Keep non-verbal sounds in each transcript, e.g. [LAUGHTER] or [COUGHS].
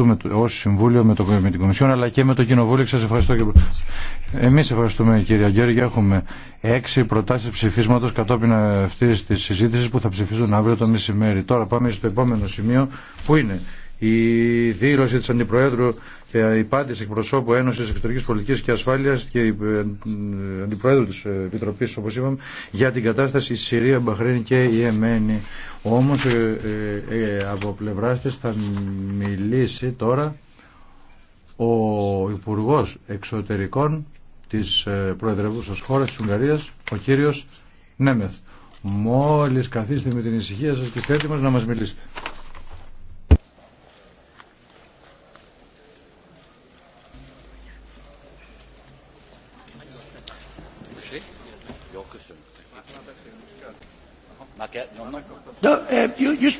ευχαριστούμε ως Συμβούλιο με, το, με την Κομισιόν αλλά και με το Κοινοβούλιο. Σας ευχαριστώ. Και... εμείς ευχαριστούμε, κύριε Αγγέρη, έχουμε έξι προτάσεις ψηφίσματος κατόπιν αυτής της συζήτησης που θα ψηφίσουν αύριο το μεσημέρι. Τώρα πάμε στο επόμενο σημείο που είναι η δήλωση της Αντιπροέδρου και η πάντηση εκπροσώπου Ένωσης Εξωτερικής Πολιτικής και Ασφάλειας και η ε, Αντιπροέδρου της ε, Επιτροπής όπως είπαμε για την κατάσταση στη Συρία, Μπαχρίνη και η Εμένη. Όμως ε, ε, από πλευράς της θα μιλήσει τώρα ο Υπουργό Εξωτερικών της Προεδρεύουσας χώρας της Ουγγαρίας, ο κύριος Νέμεθ. Μόλις καθίστε με την ησυχία σας και θέτη μας να μας μιλήσετε.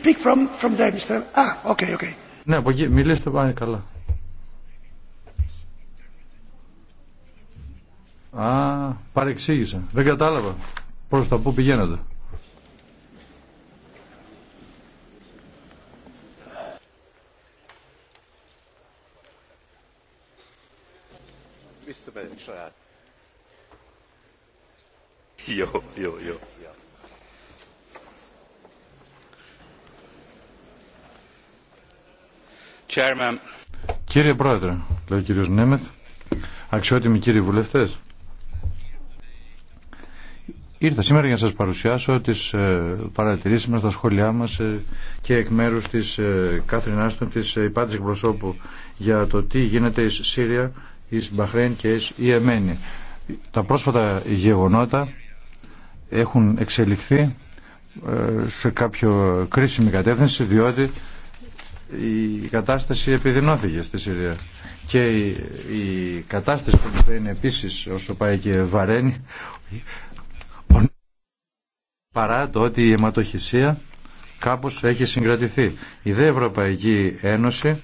speak from, from there, Mr. Ah, okay, okay. Ναι, από εκεί μιλήστε πάνε καλά. Α, παρεξήγησα. Δεν κατάλαβα Πώς τα πού πηγαίνατε. Mr. Bennett, try Yo, yo, yo. Κύριε Πρόεδρε, λέει ο κύριος Νέμεθ, αξιότιμοι κύριοι βουλευτές, ήρθα σήμερα για να σας παρουσιάσω τις ε, παρατηρήσεις μας, τα σχόλιά μας ε, και εκ μέρους της ε, Κάθριν Άστον, της ε, προσώπου για το τι γίνεται εις Σύρια, εις Μπαχρέν και εις Ιεμένη. Τα πρόσφατα γεγονότα έχουν εξελιχθεί ε, σε κάποιο κρίσιμη κατεύθυνση διότι η κατάσταση επιδεινώθηκε στη Συρία και η, κατάσταση που είναι επίσης όσο πάει και βαραίνει παρά το ότι η αιματοχυσία κάπως έχει συγκρατηθεί. Η ΔΕ Ευρωπαϊκή Ένωση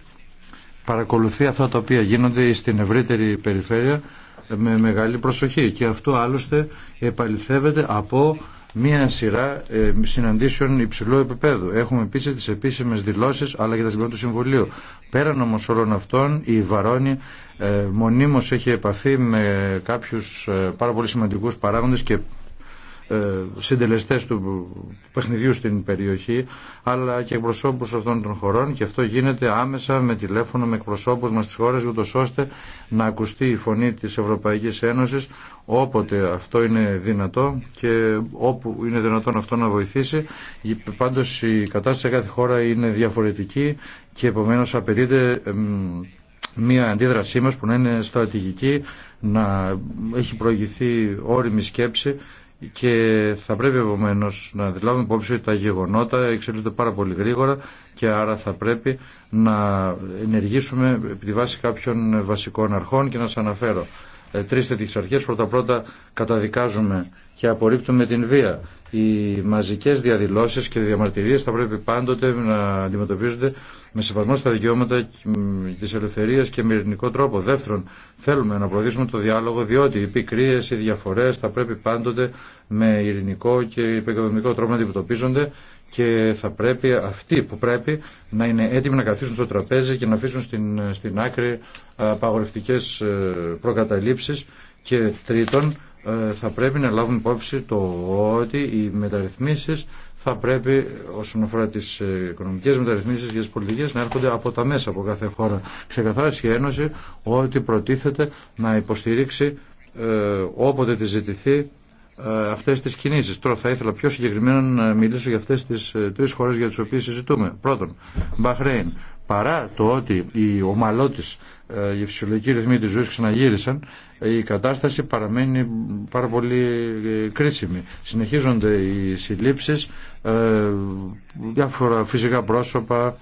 παρακολουθεί αυτά τα οποία γίνονται στην ευρύτερη περιφέρεια με μεγάλη προσοχή και αυτό άλλωστε επαληθεύεται από μία σειρά ε, συναντήσεων υψηλού επίπεδου. Έχουμε επίση τι επίσημε δηλώσει αλλά και τα συμβόλαια του Συμβουλίου. Πέραν όμω όλων αυτών, η Βαρόνη ε, μονίμω έχει επαφή με κάποιου ε, πάρα πολύ σημαντικού παράγοντε και ε, συντελεστές του παιχνιδιού στην περιοχή αλλά και εκπροσώπους αυτών των χωρών και αυτό γίνεται άμεσα με τηλέφωνο με εκπροσώπους μας στις χώρες ούτως ώστε να ακουστεί η φωνή της Ευρωπαϊκής Ένωσης όποτε αυτό είναι δυνατό και όπου είναι δυνατόν αυτό να βοηθήσει πάντως η κατάσταση σε κάθε χώρα είναι διαφορετική και επομένως απαιτείται μια αντίδρασή μας που να είναι στρατηγική να έχει προηγηθεί όριμη σκέψη και θα πρέπει επομένω να δηλάβουμε υπόψη ότι τα γεγονότα εξελίσσονται πάρα πολύ γρήγορα και άρα θα πρέπει να ενεργήσουμε επί τη βάση κάποιων βασικών αρχών και να σα αναφέρω ε, τρεις τέτοιε αρχες αρχές. Πρώτα-πρώτα καταδικάζουμε και απορρίπτουμε την βία. Οι μαζικές διαδηλώσεις και διαμαρτυρίες θα πρέπει πάντοτε να αντιμετωπίζονται με σεβασμό στα δικαιώματα τη ελευθερία και με ειρηνικό τρόπο. Δεύτερον, θέλουμε να προωθήσουμε το διάλογο, διότι οι πικρίε, οι διαφορέ θα πρέπει πάντοτε με ειρηνικό και υπεκοδομικό τρόπο να αντιμετωπίζονται και θα πρέπει αυτοί που πρέπει να είναι έτοιμοι να καθίσουν στο τραπέζι και να αφήσουν στην, στην άκρη απαγορευτικέ ε, προκαταλήψει. Και τρίτον, ε, θα πρέπει να λάβουν υπόψη το ότι οι μεταρρυθμίσεις θα πρέπει όσον αφορά τι ε, οικονομικέ μεταρρυθμίσει και τι πολιτικέ να έρχονται από τα μέσα από κάθε χώρα. Ξεκαθάρισε η Ένωση ότι προτίθεται να υποστηρίξει ε, όποτε τη ζητηθεί ε, αυτές τις κινήσεις. Τώρα θα ήθελα πιο συγκεκριμένα να μιλήσω για αυτές τις ε, τρεις χώρες για τις οποίες συζητούμε. Πρώτον, Μπαχρέιν. Παρά το ότι οι ομαλότης, ε, οι φυσιολογικοί ρυθμοί της ζωής ξαναγύρισαν, η κατάσταση παραμένει πάρα πολύ κρίσιμη. Συνεχίζονται οι συλλήψεις, διάφορα φυσικά πρόσωπα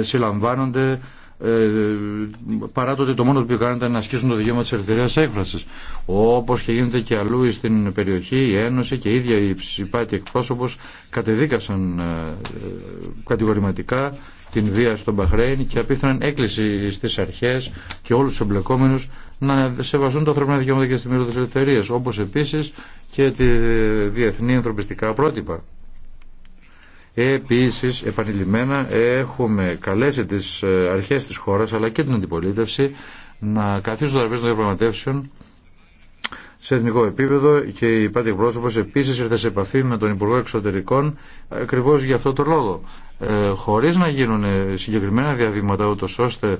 συλλαμβάνονται, ε, παρά το ότι το μόνο που κάνανε ήταν να ασκήσουν το δικαίωμα τη ελευθερία έκφραση. Όπως και γίνεται και αλλού στην περιοχή, η Ένωση και η ίδια η ψηπάτη εκπρόσωπο, κατεδίκασαν ε, κατηγορηματικά την βία στον Μπαχρέιν και απίθαναν έκκληση στις αρχέ και όλους του εμπλεκόμενου να σεβαστούν τα ανθρώπινα δικαιώματα και τη μοίρα τη ελευθερία, όπως επίσης και τη διεθνή ανθρωπιστικά πρότυπα. Επίσης, επανειλημμένα έχουμε καλέσει τις ε, αρχές της χώρας αλλά και την αντιπολίτευση να καθίσουν το τραπέζι των διαπραγματεύσεων σε εθνικό επίπεδο και η Πάτη Πρόσωπος επίσης ήρθε σε επαφή με τον Υπουργό Εξωτερικών ακριβώς για αυτό το λόγο. Ε, χωρίς να γίνουν συγκεκριμένα διαβήματα ούτως ώστε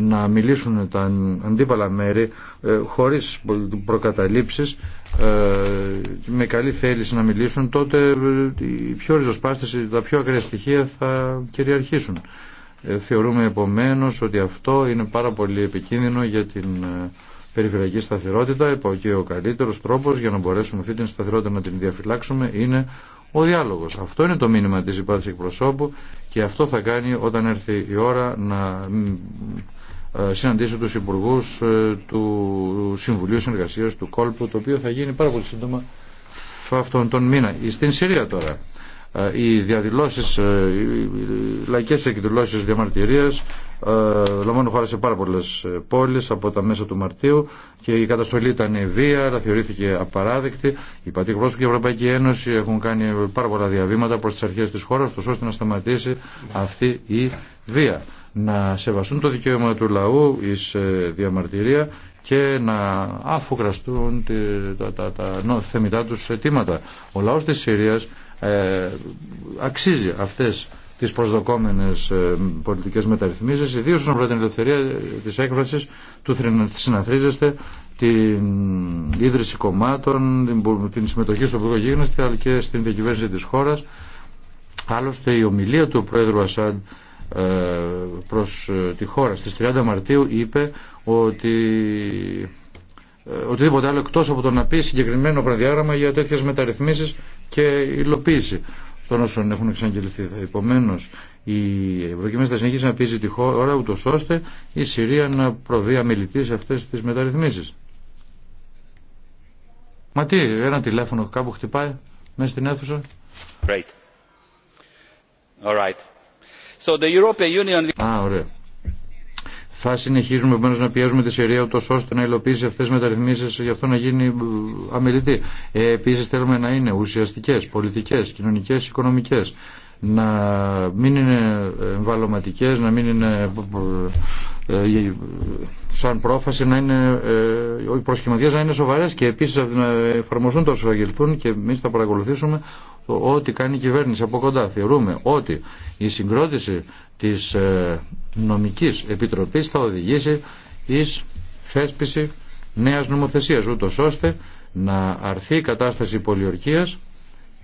να μιλήσουν τα αντίπαλα μέρη ε, χωρίς προκαταλήψεις ε, με καλή θέληση να μιλήσουν τότε ε, οι πιο ριζοσπάστες τα πιο ακραία στοιχεία θα κυριαρχήσουν θεωρούμε επομένως ότι αυτό είναι πάρα πολύ επικίνδυνο για την περιφερειακή σταθερότητα και ο καλύτερος τρόπος για να μπορέσουμε αυτή την σταθερότητα να την διαφυλάξουμε είναι ο διάλογος. Αυτό είναι το μήνυμα της υπάρξης εκπροσώπου και αυτό θα κάνει όταν έρθει η ώρα να συναντήσω τους υπουργού ε, του Συμβουλίου Συνεργασίας του Κόλπου το οποίο θα γίνει πάρα πολύ σύντομα αυτόν τον μήνα. Ε, στην Συρία τώρα ε, οι διαδηλώσεις, οι λαϊκές εκδηλώσεις διαμαρτυρίας λαμβάνουν χώρα σε πάρα πολλές πόλεις από τα μέσα του Μαρτίου και η καταστολή ήταν βία, αλλά θεωρήθηκε απαράδεκτη. Η Πατήκρος και η Ευρωπαϊκή Ένωση έχουν κάνει πάρα πολλά διαβήματα προς τις αρχές της χώρας, ώστε να σταματήσει αυτή η βία να σεβαστούν το δικαίωμα του λαού εις ε, διαμαρτυρία και να αφουγκραστούν τα, τα, τα νο, θεμητά τους αιτήματα. Ο λαός της Συρίας ε, αξίζει αυτές τις προσδοκόμενες ε, πολιτικές μεταρρυθμίσεις, ιδίως όσον αφορά την ελευθερία της έκφρασης, του συναθρίζεστε, την ίδρυση κομμάτων, την, την συμμετοχή στο Υπουργό αλλά και στην διακυβέρνηση της χώρας. Άλλωστε η ομιλία του Πρόεδρου Ασάντ ε, προς ε, τη χώρα στις 30 Μαρτίου είπε ότι ε, οτιδήποτε άλλο εκτός από το να πει συγκεκριμένο προδιάγραμμα για τέτοιες μεταρρυθμίσεις και υλοποίηση των όσων έχουν εξαγγελθεί. Επομένω, η Ευρωκοινή θα συνεχίσει να πείζει τη χώρα ούτω ώστε η Συρία να προβεί αμελητή σε αυτέ τι μεταρρυθμίσει. Μα τι, ένα τηλέφωνο κάπου χτυπάει μέσα στην αίθουσα. Great. All right. Θα συνεχίζουμε επομένω να πιέζουμε τη Συρία ούτω ώστε να υλοποιήσει αυτέ τι μεταρρυθμίσει για αυτό να γίνει αμελητή. Ε, Επίση θέλουμε να είναι ουσιαστικέ, πολιτικέ, κοινωνικέ, οικονομικέ. Να μην είναι εμβαλωματικέ, να μην είναι ε, ε, σαν πρόφαση να είναι, ε, οι προσχηματιές να είναι σοβαρές και επίσης να εφαρμοστούν τόσο και εμείς θα παρακολουθήσουμε ό,τι κάνει η κυβέρνηση από κοντά. Θεωρούμε ότι η συγκρότηση της νομικής επιτροπής θα οδηγήσει εις θέσπιση νέας νομοθεσίας, ούτως ώστε να αρθεί η κατάσταση πολιορκίας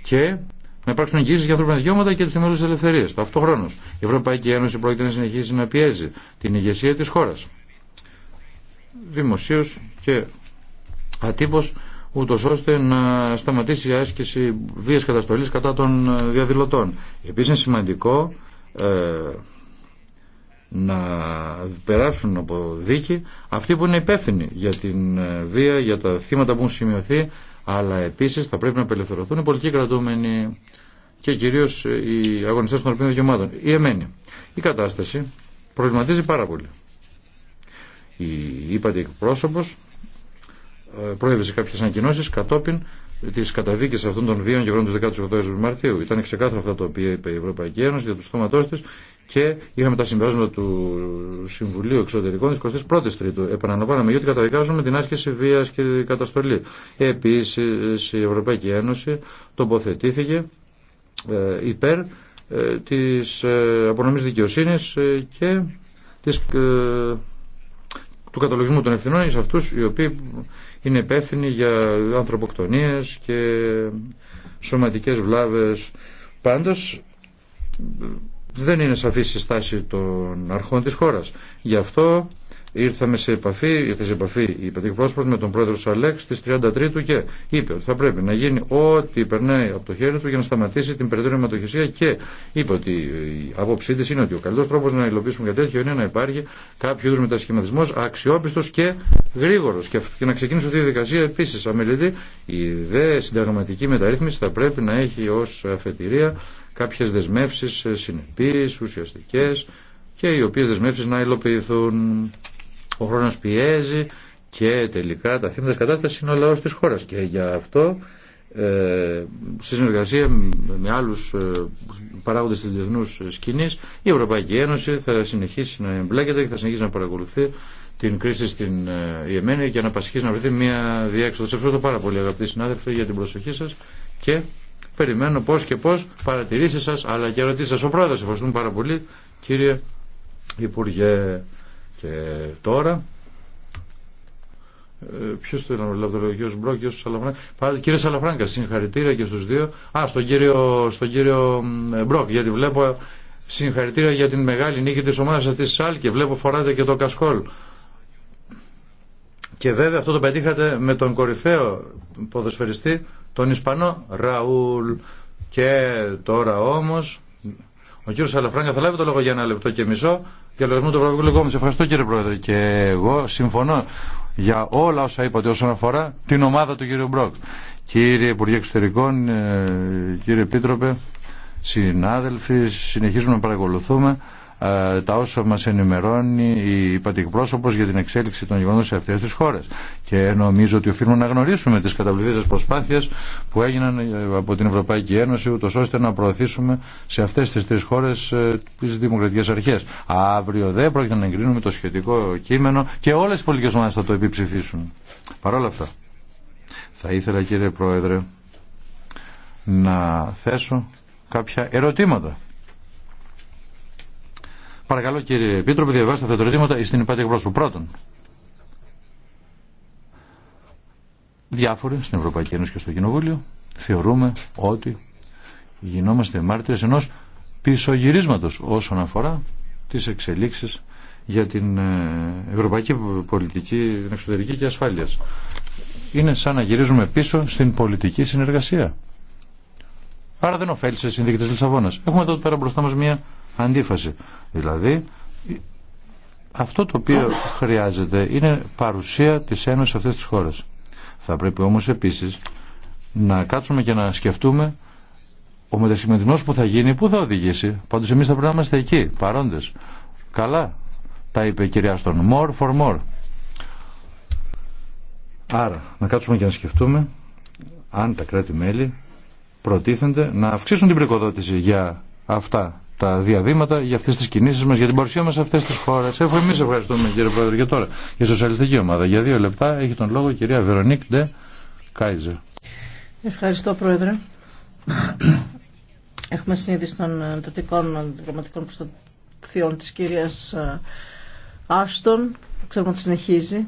και να υπάρξουν εγγύσει για ανθρώπινα δικαιώματα και τι θεμελιώδει ελευθερίε. Ταυτόχρονα η Ευρωπαϊκή Ένωση πρόκειται να συνεχίσει να πιέζει την ηγεσία τη χώρα. Δημοσίω και ατύπω, ούτω ώστε να σταματήσει η άσκηση βία καταστολή κατά των ε, διαδηλωτών. Επίση, είναι σημαντικό ε, να περάσουν από δίκη αυτοί που είναι υπεύθυνοι για την ε, βία, για τα θύματα που έχουν σημειωθεί αλλά επίσης θα πρέπει να απελευθερωθούν οι πολιτικοί κρατούμενοι και κυρίως οι αγωνιστές των ανθρωπίνων δικαιωμάτων. Η εμένη. Η κατάσταση προβληματίζει πάρα πολύ. Η είπατε εκπρόσωπος ε, προέβησε κάποιες ανακοινώσεις κατόπιν τη καταδίκη αυτών των βίων γεγονότων του 18 Μαρτίου. Ήταν ξεκάθαρα αυτά τα οποία είπε η Ευρωπαϊκή Ένωση για του στόματό τη και είχαμε τα συμπεράσματα του Συμβουλίου Εξωτερικών τη 21η Τρίτου. Επαναλαμβάναμε γιατί καταδικάζουμε την άσκηση βία και καταστολή. Επίση, η τριτου Επαναλαμβάνομαι γιατι καταδικαζουμε Ένωση τοποθετήθηκε ε, υπέρ ε, της ε, απονομής δικαιοσύνης και της, του καταλογισμού των ευθυνών σε αυτούς οι οποίοι είναι υπεύθυνοι για ανθρωποκτονίες και σωματικές βλάβες. Πάντως δεν είναι σαφή η στάση των αρχών της χώρας. Γι' αυτό ήρθαμε σε επαφή, ήρθε σε επαφή η πρόσωπος με τον πρόεδρο Σαλέξ στις 33 και είπε ότι θα πρέπει να γίνει ό,τι περνάει από το χέρι του για να σταματήσει την περαιτέρω αιματοχυσία και είπε ότι η άποψή της είναι ότι ο καλύτερος τρόπος να υλοποιήσουμε κάτι τέτοιο είναι να υπάρχει κάποιο είδους μετασχηματισμός αξιόπιστος και γρήγορος και να ξεκινήσει αυτή η δικασία επίσης αμελητή η δε συνταγματική μεταρρύθμιση θα πρέπει να έχει ως αφετηρία κάποιες δεσμεύσεις συνεπείς, ουσιαστικές και οι οποίες δεσμεύσεις να υλοποιηθούν ο χρόνος πιέζει και τελικά τα θύματα της κατάστασης είναι ο λαός της χώρας και για αυτό ε, συνεργασία με άλλους ε, παράγοντες της διεθνούς σκηνής η Ευρωπαϊκή Ένωση θα συνεχίσει να εμπλέκεται και θα συνεχίσει να παρακολουθεί την κρίση στην Ιεμένη ε, και να πασχίσει να βρεθεί μια διέξοδο. Σε ευχαριστώ πάρα πολύ αγαπητοί συνάδελφοι για την προσοχή σας και περιμένω πώς και πώς παρατηρήσεις σας αλλά και ερωτήσεις σας. Ο πρόεδρος ευχαριστούμε πάρα πολύ κύριε Υπουργέ. Και τώρα ε, Ποιο το ήταν ο Μπρο Μπρόκ, ο Σαλαφράγκα. Κύριε Σαλαφράγκα, συγχαρητήρια και στου δύο. Α, στον κύριο, στον κύριο ε, Μπρόκ, γιατί βλέπω συγχαρητήρια για την μεγάλη νίκη τη ομάδα σα τη ΣΑΛ και βλέπω φοράτε και το κασκόλ. Και βέβαια αυτό το πετύχατε με τον κορυφαίο ποδοσφαιριστή, τον Ισπανό Ραούλ. Και τώρα όμω, ο κύριο Σαλαφράγκα θα λάβει το λόγο για ένα λεπτό και μισό για του Ευρωπαϊκού Λεγόμενου. Ευχαριστώ κύριε Πρόεδρε. Και εγώ συμφωνώ για όλα όσα είπατε όσον αφορά την ομάδα του κύριου Μπρόκ. Κύριε Υπουργέ Εξωτερικών, ε, κύριε Επίτροπε, συνάδελφοι, συνεχίζουμε να παρακολουθούμε ε, τα όσα μας ενημερώνει η πατηκπρόσωπος για την εξέλιξη των γεγονότων σε αυτές τις χώρες. Και νομίζω ότι οφείλουμε να γνωρίσουμε τις καταπληκτικές προσπάθειες που έγιναν ε, από την Ευρωπαϊκή Ένωση ούτως ώστε να προωθήσουμε σε αυτές τις τρεις χώρες ε, τις δημοκρατικές αρχές. Αύριο δεν πρόκειται να εγκρίνουμε το σχετικό κείμενο και όλες οι πολιτικές ομάδες θα το επιψηφίσουν. Παρ' όλα αυτά, θα ήθελα κύριε Πρόεδρε να θέσω κάποια ερωτήματα. Παρακαλώ κύριε Επίτροπε, διαβάστε αυτά τα ερωτήματα στην υπάτη εκπρόσωπο. Πρώτον, διάφοροι στην Ευρωπαϊκή Ένωση και στο Κοινοβούλιο θεωρούμε ότι γινόμαστε μάρτυρες ενός πισωγυρίσματος όσον αφορά τις εξελίξεις για την ε, ευρωπαϊκή πολιτική, εξωτερική και ασφάλειας. Είναι σαν να γυρίζουμε πίσω στην πολιτική συνεργασία. Άρα δεν ωφέλησε η συνθήκη τη Λισαβόνα. Έχουμε εδώ πέρα μπροστά μα μια αντίφαση. Δηλαδή, αυτό το οποίο χρειάζεται είναι παρουσία τη Ένωση σε αυτέ τι Θα πρέπει όμω επίση να κάτσουμε και να σκεφτούμε ο μετασχηματισμό που θα γίνει, πού θα οδηγήσει. Πάντω εμεί θα πρέπει να είμαστε εκεί, παρόντε. Καλά. Τα είπε η κυρία Στον. More for more. Άρα, να κάτσουμε και να σκεφτούμε αν τα κράτη-μέλη προτίθενται να αυξήσουν την πρικοδότηση για αυτά τα διαδήματα, για αυτέ τι κινήσει μα, για την παρουσία μα σε αυτές τι χώρε. εμεί ευχαριστούμε κύριε Πρόεδρε και τώρα. για Σοσιαλιστική Ομάδα για δύο λεπτά έχει τον λόγο η κυρία Βερονίκ Ντε Κάιζερ. Ευχαριστώ Πρόεδρε. [COUGHS] Έχουμε συνείδηση των ε, εντατικών ε, διπλωματικών προστατευτικών της κυρίας ε, Άστον. Ξέρουμε ότι συνεχίζει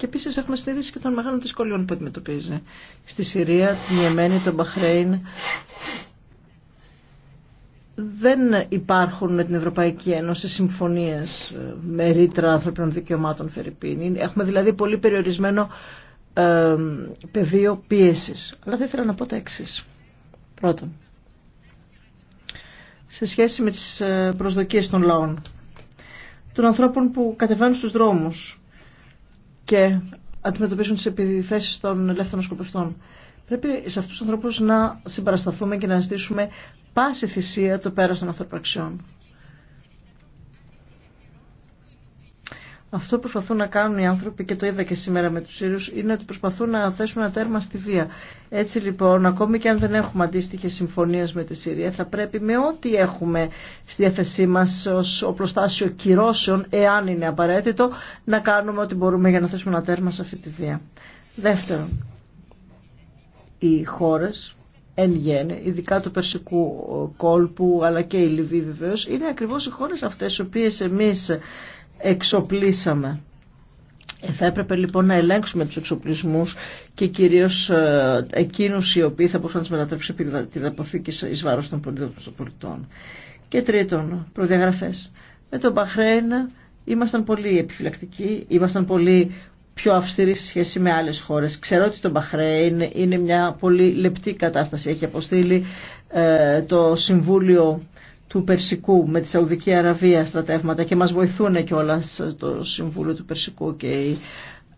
και επίση έχουμε συνείδηση και των μεγάλων δυσκολιών που αντιμετωπίζει. Στη Συρία, την Ιεμένη, τον Μπαχρέιν. Δεν υπάρχουν με την Ευρωπαϊκή Ένωση συμφωνίε ε, με ρήτρα ανθρωπίνων δικαιωμάτων Φερρυπίνη. Έχουμε δηλαδή πολύ περιορισμένο ε, πεδίο πίεση. Αλλά θα ήθελα να πω τα εξή. Πρώτον, σε σχέση με τις ε, προσδοκίες των λαών, των ανθρώπων που κατεβαίνουν στους δρόμους, και αντιμετωπίσουν τι επιθέσει των ελεύθερων σκοπευτών. Πρέπει σε αυτού του ανθρώπου να συμπαρασταθούμε και να ζητήσουμε πάση θυσία το πέρας των ανθρωπραξιών. Αυτό που προσπαθούν να κάνουν οι άνθρωποι και το είδα και σήμερα με τους Σύριους είναι ότι προσπαθούν να θέσουν ένα τέρμα στη βία. Έτσι λοιπόν, ακόμη και αν δεν έχουμε αντίστοιχε συμφωνίε με τη Συρία, θα πρέπει με ό,τι έχουμε στη διάθεσή μα ω οπλοστάσιο κυρώσεων, εάν είναι απαραίτητο, να κάνουμε ό,τι μπορούμε για να θέσουμε ένα τέρμα σε αυτή τη βία. Δεύτερον, οι χώρε εν γέννη, ειδικά του Περσικού κόλπου αλλά και η Λιβύη βεβαίω, είναι ακριβώ οι χώρε αυτέ οι οποίε εμεί εξοπλίσαμε. Ε, θα έπρεπε λοιπόν να ελέγξουμε τους εξοπλισμούς και κυρίως ε, εκείνους οι οποίοι θα μπορούσαν να τις μετατρέψουν την αποθήκη εις βάρος των πολιτών. Και τρίτον, προδιαγραφές. Με τον Μπαχρέν ήμασταν πολύ επιφυλακτικοί, ήμασταν πολύ πιο αυστηρή σε σχέση με άλλες χώρες. Ξέρω ότι το Μπαχρέιν είναι μια πολύ λεπτή κατάσταση. Έχει αποστείλει ε, το Συμβούλιο του Περσικού με τη Σαουδική Αραβία στρατεύματα και μας βοηθούν κιόλα το Συμβούλιο του Περσικού και η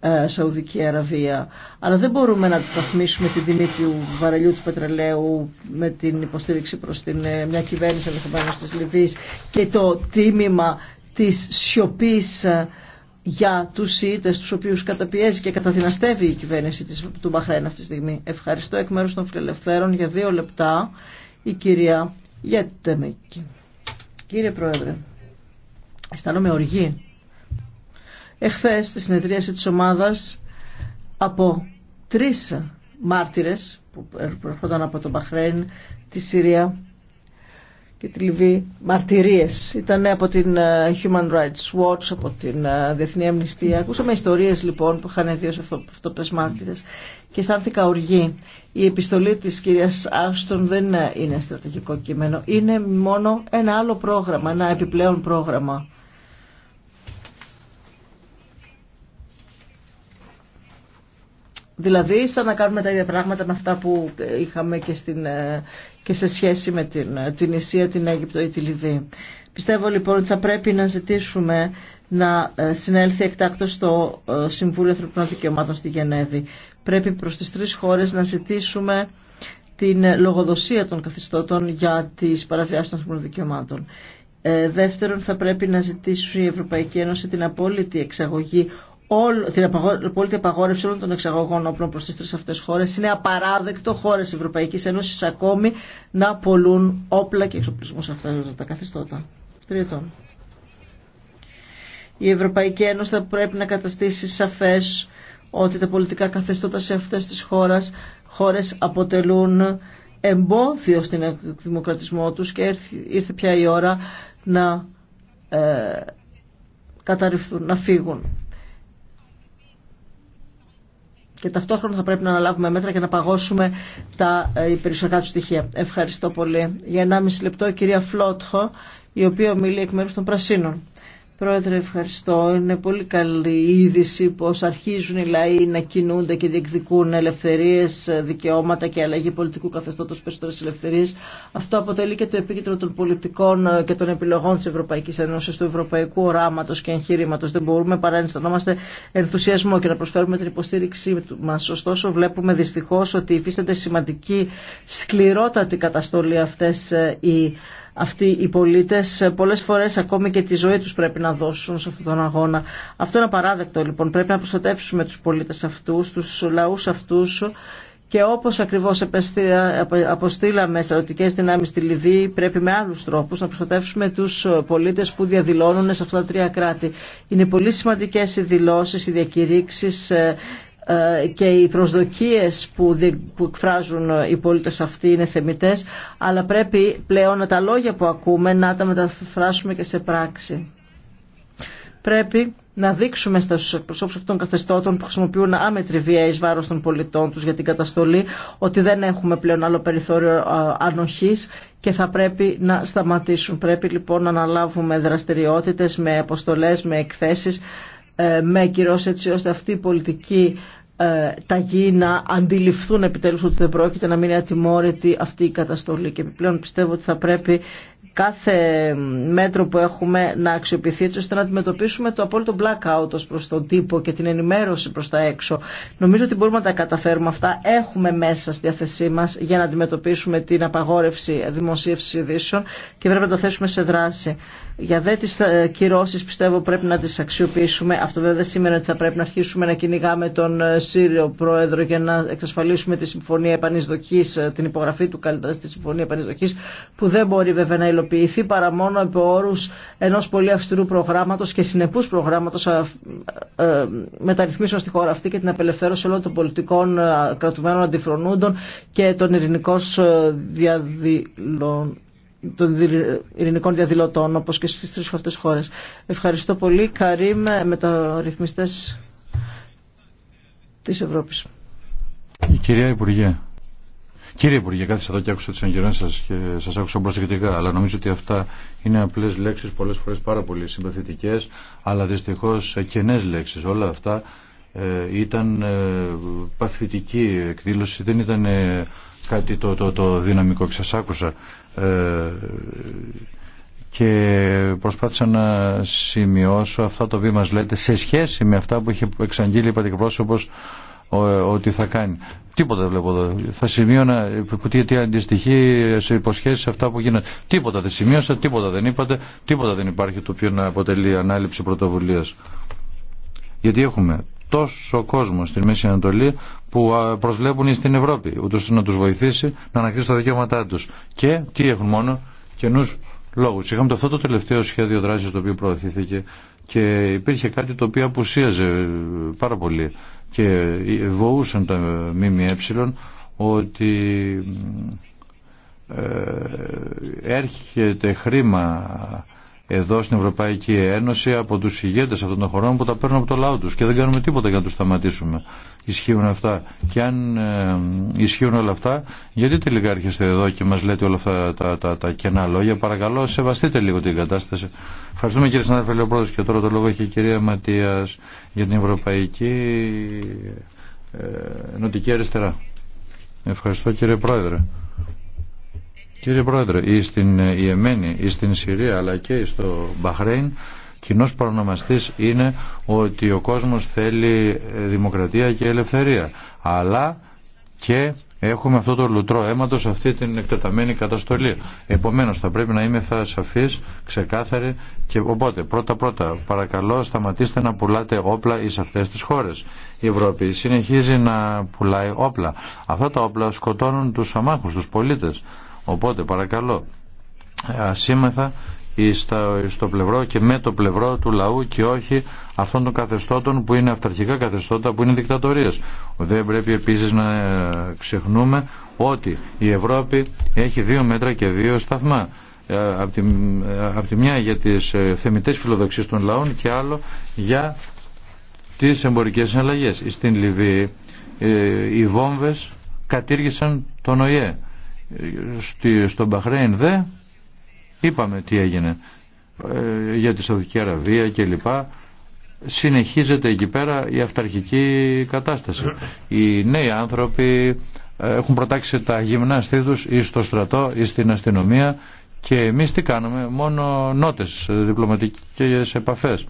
ε, Σαουδική Αραβία. Αλλά δεν μπορούμε να σταθμίσουμε τη τιμή του βαρελιού του πετρελαίου με την υποστήριξη προς την, ε, μια κυβέρνηση ενδεχομένω της Λιβύης και το τίμημα της σιωπή ε, για τους ΣΥΙΤΕΣ τους οποίους καταπιέζει και καταδυναστεύει η κυβέρνηση του Μπαχρέν αυτή τη στιγμή. Ευχαριστώ εκ μέρους των φιλελευθέρων για δύο λεπτά η κυρία γιατί με Κύριε Πρόεδρε, αισθάνομαι οργή. Εχθές στη συνεδρίαση της ομάδας από τρεις μάρτυρες που προερχόταν από τον Παχρέν, τη Συρία και τη Λιβύη μαρτυρίες. Ήταν από την ε, Human Rights Watch, από την ε, Διεθνή Αμνηστία. Ακούσαμε ιστορίες λοιπόν που είχαν δύο αυτοπές μάρτυρες και αισθάνθηκα οργή. Η επιστολή της κυρίας Άστον δεν είναι στρατηγικό κείμενο. Είναι μόνο ένα άλλο πρόγραμμα, ένα επιπλέον πρόγραμμα Δηλαδή σαν να κάνουμε τα ίδια πράγματα με αυτά που είχαμε και, στην, ε, και σε σχέση με την, ε, την Ισία, την Αίγυπτο ή τη Λιβύη. Πιστεύω λοιπόν ότι θα πρέπει να ζητήσουμε να ε, συνέλθει εκτάκτο στο Συμβούλιο Ανθρωπινών Δικαιωμάτων στη Γενέβη. Πρέπει προς τις τρεις χώρες να ζητήσουμε την λογοδοσία των καθιστώτων για τις παραβιάσεις των ανθρωπινών δικαιωμάτων. Ε, δεύτερον, θα πρέπει να ζητήσει η Ευρωπαϊκή Ένωση την απόλυτη εξαγωγή την απόλυτη απαγόρευση όλων των εξαγωγών όπλων προ τι τρει αυτέ χώρε Είναι απαράδεκτο χώρες Ευρωπαϊκή Ένωση ακόμη να πολλούν όπλα και εξοπλισμού σε αυτά τα καθεστώτα. Τρίτον, η Ευρωπαϊκή Ένωση θα πρέπει να καταστήσει σαφές ότι τα πολιτικά καθεστώτα σε αυτέ τι χώρε. χώρες αποτελούν εμπόδιο στην δημοκρατισμό τους και ήρθε πια η ώρα να ε, καταρριφθούν, να φύγουν και ταυτόχρονα θα πρέπει να αναλάβουμε μέτρα και να παγώσουμε τα ε, περιουσιακά του στοιχεία. Ευχαριστώ πολύ. Για 1,5 λεπτό κυρία Φλότχο, η οποία μιλεί εκ μέρου των Πρασίνων. Πρόεδρε, ευχαριστώ. Είναι πολύ καλή η είδηση πως αρχίζουν οι λαοί να κινούνται και διεκδικούν ελευθερίες, δικαιώματα και αλλαγή πολιτικού καθεστώτος περισσότερες ελευθερίες. Αυτό αποτελεί και το επίκεντρο των πολιτικών και των επιλογών της Ευρωπαϊκής Ένωσης, του ευρωπαϊκού οράματος και εγχείρηματος. Δεν μπορούμε παρά να αισθανόμαστε ενθουσιασμό και να προσφέρουμε την υποστήριξή μας. Ωστόσο, βλέπουμε δυστυχώς ότι υφίσταται σημαντική, σκληρότατη καταστολή αυτές ε, οι αυτοί οι πολίτες ε, πολλές φορές ακόμη και τη ζωή τους πρέπει να δώσουν σε αυτόν τον αγώνα. Αυτό είναι απαράδεκτο λοιπόν. Πρέπει να προστατεύσουμε τους πολίτες αυτούς, τους λαούς αυτούς και όπως ακριβώς αποστήλαμε στρατιωτικέ δυνάμεις στη Λιβύη πρέπει με άλλους τρόπους να προστατεύσουμε τους ε, πολίτες που διαδηλώνουν σε αυτά τα τρία κράτη. Είναι πολύ σημαντικές οι δηλώσεις, οι διακηρύξεις, ε, ε, και οι προσδοκίες που, που εκφράζουν οι πολίτες αυτοί είναι θεμητές αλλά πρέπει πλέον τα λόγια που ακούμε να τα μεταφράσουμε και σε πράξη. Πρέπει να δείξουμε στους προσώπους αυτών των καθεστώτων που χρησιμοποιούν άμετρη βία εις βάρος των πολιτών τους για την καταστολή ότι δεν έχουμε πλέον άλλο περιθώριο ανοχής και θα πρέπει να σταματήσουν. Πρέπει λοιπόν να αναλάβουμε δραστηριότητες με αποστολές, με εκθέσεις ε, με κυρώσει έτσι ώστε αυτή η πολιτική ε, ταγή να αντιληφθούν επιτέλους ότι δεν πρόκειται να μείνει ατιμόρυτη αυτή η καταστολή και επιπλέον πιστεύω ότι θα πρέπει κάθε μέτρο που έχουμε να αξιοποιηθεί έτσι ώστε να αντιμετωπίσουμε το απόλυτο blackout ως προς τον τύπο και την ενημέρωση προς τα έξω. Νομίζω ότι μπορούμε να τα καταφέρουμε αυτά. Έχουμε μέσα στη διάθεσή μας για να αντιμετωπίσουμε την απαγόρευση δημοσίευση ειδήσεων και πρέπει να το θέσουμε σε δράση. Για δε τις ε, κυρώσεις πιστεύω πρέπει να τις αξιοποιήσουμε. Αυτό βέβαια δεν σημαίνει ότι θα πρέπει να αρχίσουμε να κυνηγάμε τον ε, Σύριο Πρόεδρο για να εξασφαλίσουμε τη συμφωνία επανεισδοκής, ε, την υπογραφή του καλύτερα στη συμφωνία επανεισδοκής που δεν μπορεί βέβαια να υλοποιηθεί παρά μόνο επί όρου ενό πολύ αυστηρού προγράμματο και συνεπού προγράμματο ε, μεταρρυθμίσεων στη χώρα αυτή και την απελευθέρωση όλων των πολιτικών ε, κρατουμένων αντιφρονούντων και των ε, ειρηνικών διαδηλωτών όπως και στις τρεις αυτές χώρες. Ευχαριστώ πολύ. Καρίμ, ρυθμιστές της Ευρώπης. Η κυρία Υπουργέ, Κύριε Υπουργέ, κάθε εδώ και άκουσα τι εγγυρώσει σα και σα άκουσα προσεκτικά, αλλά νομίζω ότι αυτά είναι απλέ λέξει, πολλέ φορέ πάρα πολύ συμπαθητικέ, αλλά δυστυχώ ε, κενέ λέξει. Όλα αυτά ε, ήταν ε, παθητική εκδήλωση, δεν ήταν κάτι το, το, το δυναμικό και σας άκουσα και προσπάθησα να σημειώσω αυτά τα οποία μας λέτε σε σχέση με αυτά που είχε εξαγγείλει η Πατικροπρόσωπος ότι θα κάνει. Τίποτα δεν βλέπω εδώ. Θα σημείωνα τι αντιστοιχεί σε υποσχέσει αυτά που γίνονται. Τίποτα δεν σημείωσα, τίποτα δεν είπατε, τίποτα δεν υπάρχει το οποίο να αποτελεί ανάληψη πρωτοβουλία. Γιατί έχουμε τόσο κόσμο στη Μέση Ανατολή που προσβλέπουν στην Ευρώπη, ούτω ώστε να του βοηθήσει να ανακτήσουν τα δικαιώματά του. Και τι έχουν μόνο, καινού λόγου. Είχαμε το αυτό το τελευταίο σχέδιο δράση το οποίο προωθήθηκε και υπήρχε κάτι το οποίο απουσίαζε πάρα πολύ και βοούσαν τα ΜΜΕ ότι ε, έρχεται χρήμα εδώ στην Ευρωπαϊκή Ένωση από τους ηγέτες αυτών των χωρών που τα παίρνουν από το λαό τους και δεν κάνουμε τίποτα για να τους σταματήσουμε. Ισχύουν αυτά. Και αν ε, ισχύουν όλα αυτά, γιατί τελικά έρχεστε εδώ και μας λέτε όλα αυτά τα, τα, τα κενά λόγια. Παρακαλώ, σεβαστείτε λίγο την κατάσταση. Ευχαριστούμε κύριε Σανάδελφε Λεοπρόεδρος και τώρα το λόγο έχει η κυρία Ματίας για την Ευρωπαϊκή ε, Νοτική Αριστερά. Ευχαριστώ κύριε Πρόεδρε. Κύριε Πρόεδρε, ή στην Ιεμένη, ή στην Συρία, αλλά και στο Μπαχρέιν, κοινό παρονομαστή είναι ότι ο κόσμο θέλει ε, δημοκρατία και ελευθερία. Αλλά και έχουμε αυτό το λουτρό αίματο, αυτή την εκτεταμένη καταστολή. Επομένω, θα πρέπει να είμαι θα σαφή, ξεκάθαρη και οπότε, πρώτα-πρώτα, παρακαλώ σταματήστε να πουλάτε όπλα ει αυτέ τι χώρε. Η Ευρώπη συνεχίζει να πουλάει όπλα. Αυτά τα όπλα σκοτώνουν του αμάχου, του πολίτε. Οπότε παρακαλώ, ασήμεθα στο πλευρό και με το πλευρό του λαού και όχι αυτών των καθεστώτων που είναι αυταρχικά καθεστώτα που είναι δικτατορίες. Δεν πρέπει επίσης να ξεχνούμε ότι η Ευρώπη έχει δύο μέτρα και δύο σταθμά. Ε, Από τη, ε, απ τη μια για τις ε, θεμητές φιλοδοξίες των λαών και άλλο για τις εμπορικές συναλλαγές. Στην Λιβύη οι βόμβες κατήργησαν τον ΟΗΕ. Στη, στον Μπαχρέιν δε είπαμε τι έγινε ε, για τη Σαουδική Αραβία και λοιπά συνεχίζεται εκεί πέρα η αυταρχική κατάσταση οι νέοι άνθρωποι ε, έχουν προτάξει τα γυμνά στήθους ή στο στρατό ή στην αστυνομία και εμείς τι κάνουμε μόνο νότες διπλωματικές επαφές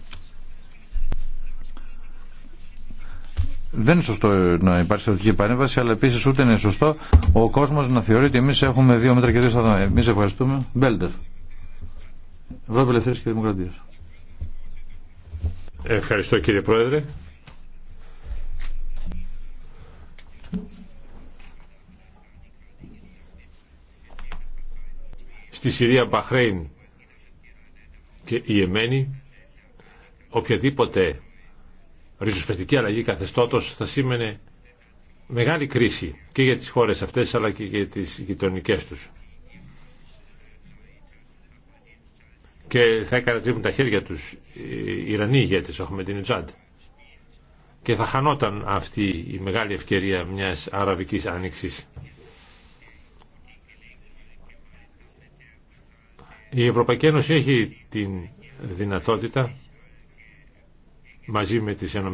δεν είναι σωστό να υπάρχει στρατιωτική επανέμβαση, αλλά επίση ούτε είναι σωστό ο κόσμο να θεωρεί ότι εμεί έχουμε δύο μέτρα και δύο σταθμά. Εμεί ευχαριστούμε. Μπέλτερ. Ευρώπη Ελευθερία και Δημοκρατία. Ευχαριστώ κύριε Πρόεδρε. Στη Συρία Μπαχρέιν και η Εμένη οποιαδήποτε ριζοσπαστική αλλαγή καθεστώτος θα σήμαινε μεγάλη κρίση και για τις χώρες αυτές αλλά και για τις γειτονικέ τους. Και θα έκαναν τα χέρια τους οι Ιρανοί ηγέτες, την Αχμεντινιτζάντ. Και θα χανόταν αυτή η μεγάλη ευκαιρία μιας αραβικής άνοιξης. Η Ευρωπαϊκή Ένωση έχει την δυνατότητα μαζί με τις ΗΠΑ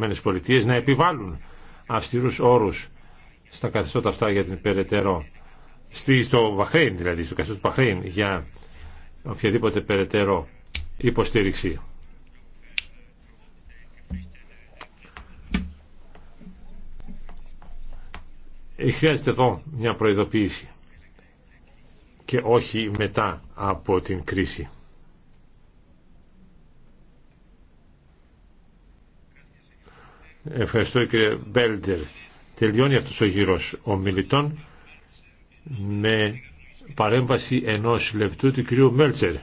να επιβάλλουν αυστηρούς όρους στα καθεστώτα αυτά για την περαιτέρω στη, στο Βαχρέιν δηλαδή, στο καθεστώς του Βαχρέιν για οποιαδήποτε περαιτέρω υποστήριξη. Ε, χρειάζεται εδώ μια προειδοποίηση και όχι μετά από την κρίση. Ευχαριστώ κύριε Μπέλτερ. Τελειώνει αυτός ο γύρος ομιλητών με παρέμβαση ενός λεπτού του κυρίου Μέλτσερ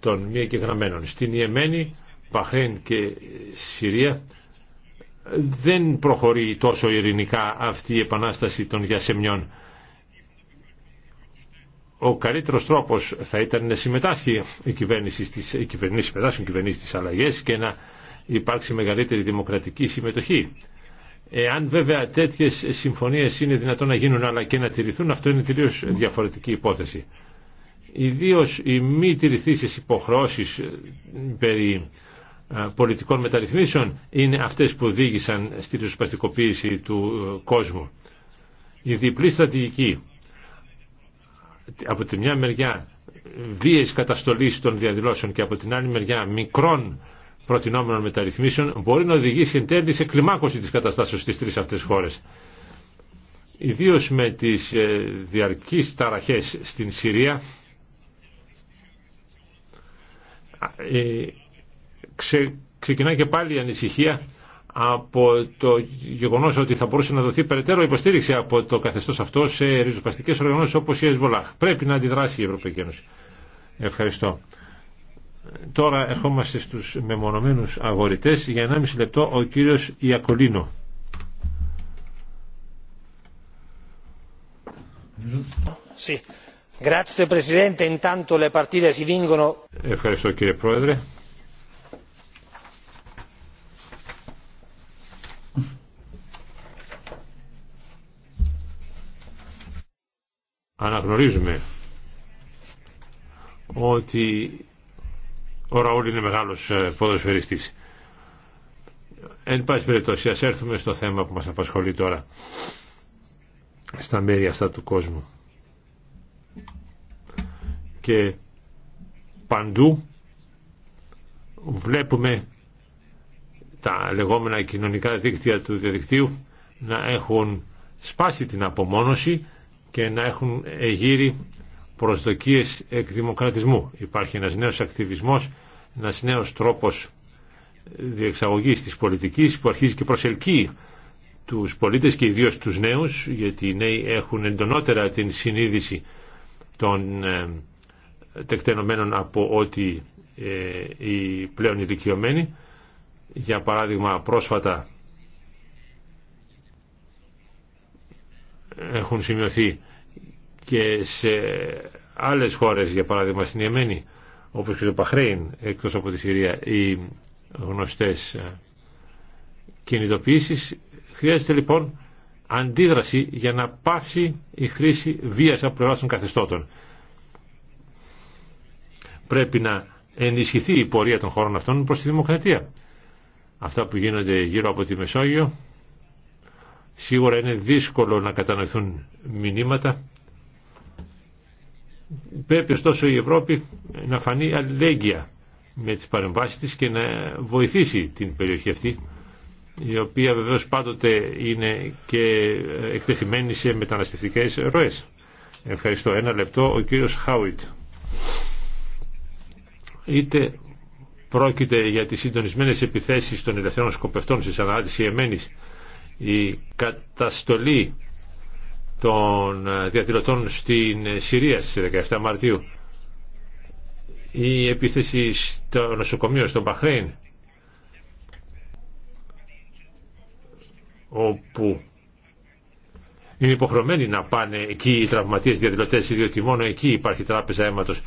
των μη εγγεγραμμένων. Στην Ιεμένη, Παχρέν και Συρία δεν προχωρεί τόσο ειρηνικά αυτή η επανάσταση των γιασεμιών. Ο καλύτερος τρόπος θα ήταν να συμμετάσχει η κυβέρνηση στις, η κυβέρνηση συμμετάσχουν και να υπάρξει μεγαλύτερη δημοκρατική συμμετοχή. Εάν βέβαια τέτοιε συμφωνίε είναι δυνατόν να γίνουν αλλά και να τηρηθούν, αυτό είναι τελείω διαφορετική υπόθεση. Ιδίω οι μη τηρηθήσει υποχρώσει ε, περί ε, πολιτικών μεταρρυθμίσεων είναι αυτέ που οδήγησαν στη ριζοσπαστικοποίηση του ε, κόσμου. Η διπλή στρατηγική από τη μια μεριά βίαιης καταστολή των διαδηλώσεων και από την άλλη μεριά μικρών προτινόμενων μεταρρυθμίσεων μπορεί να οδηγήσει εν τέλει σε κλιμάκωση της καταστάσεως στις τρεις αυτές χώρες. Ιδίω με τις ε, διαρκείς ταραχές στην Συρία ε, ξε, ξεκινά και πάλι η ανησυχία από το γεγονός ότι θα μπορούσε να δοθεί περαιτέρω υποστήριξη από το καθεστώς αυτό σε ριζοσπαστικές οργανώσεις όπως η Εσβολάχ. Πρέπει να αντιδράσει η Ευρωπαϊκή Ένωση. Ευχαριστώ. Τώρα ερχόμαστε στους μεμονωμένους αγορητές. Για 1,5 λεπτό ο κύριος Ιακολίνο. Ευχαριστώ κύριε Πρόεδρε. Αναγνωρίζουμε ότι ο Ραούλ είναι μεγάλος ε, ποδοσφαιριστής. Εν πάση περιπτώσει, έρθουμε στο θέμα που μας απασχολεί τώρα. Στα μέρη αυτά του κόσμου. Και παντού βλέπουμε τα λεγόμενα κοινωνικά δίκτυα του διαδικτύου να έχουν σπάσει την απομόνωση και να έχουν γύρει προσδοκίες εκδημοκρατισμού. Υπάρχει ένας νέος ακτιβισμός, ένας νέος τρόπος διεξαγωγής της πολιτικής που αρχίζει και προσελκύει τους πολίτες και ιδίως τους νέους, γιατί οι νέοι έχουν εντονότερα την συνείδηση των ε, τεκτενωμένων από ότι ε, οι πλέον ηλικιωμένοι. Για παράδειγμα, πρόσφατα έχουν σημειωθεί και σε άλλες χώρες, για παράδειγμα στην Ιεμένη, όπως και το Παχρέιν, εκτός από τη Συρία, οι γνωστές ε, κινητοποιήσεις. Χρειάζεται λοιπόν αντίδραση για να πάψει η χρήση βίας από πλευρά των καθεστώτων. Πρέπει να ενισχυθεί η πορεία των χωρών αυτών προς τη δημοκρατία. Αυτά που γίνονται γύρω από τη Μεσόγειο σίγουρα είναι δύσκολο να κατανοηθούν μηνύματα Πρέπει ωστόσο η Ευρώπη να φανεί αλληλέγγυα με τις παρεμβάσεις της και να βοηθήσει την περιοχή αυτή η οποία βεβαίως πάντοτε είναι και εκτεθειμένη σε μεταναστευτικές ροές. Ευχαριστώ. Ένα λεπτό ο κύριος Χάουιτ. Είτε πρόκειται για τις συντονισμένες επιθέσεις των ελευθερών σκοπευτών στις Σανά η καταστολή των ε, διαδηλωτών στην ε, Συρία στις 17 Μαρτίου η επίθεση στο νοσοκομείο στο Μπαχρέιν όπου είναι υποχρεωμένοι να πάνε εκεί οι τραυματίες διαδηλωτές διότι μόνο εκεί υπάρχει τράπεζα αίματος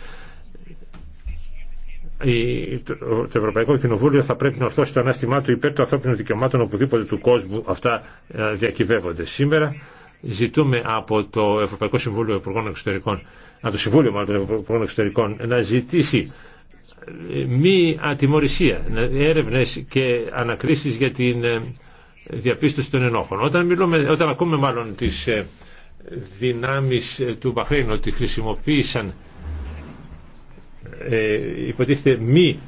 το Ευρωπαϊκό Κοινοβούλιο θα πρέπει να ορθώσει το ανάστημά του υπέρ των ανθρώπινων δικαιωμάτων οπουδήποτε του κόσμου αυτά ε, διακυβεύονται σήμερα ζητούμε από το Ευρωπαϊκό Συμβούλιο Υπουργών Εξωτερικών, από το Συμβούλιο μάλλον των Υπουργών Εξωτερικών, να ζητήσει ε, μη ατιμορρησία, έρευνε και ανακρίσεις για την ε, διαπίστωση των ενόχων. Όταν, μιλούμε, όταν ακούμε μάλλον τις ε, δυνάμεις του Μπαχρέιν ότι χρησιμοποίησαν ε, υποτίθεται μη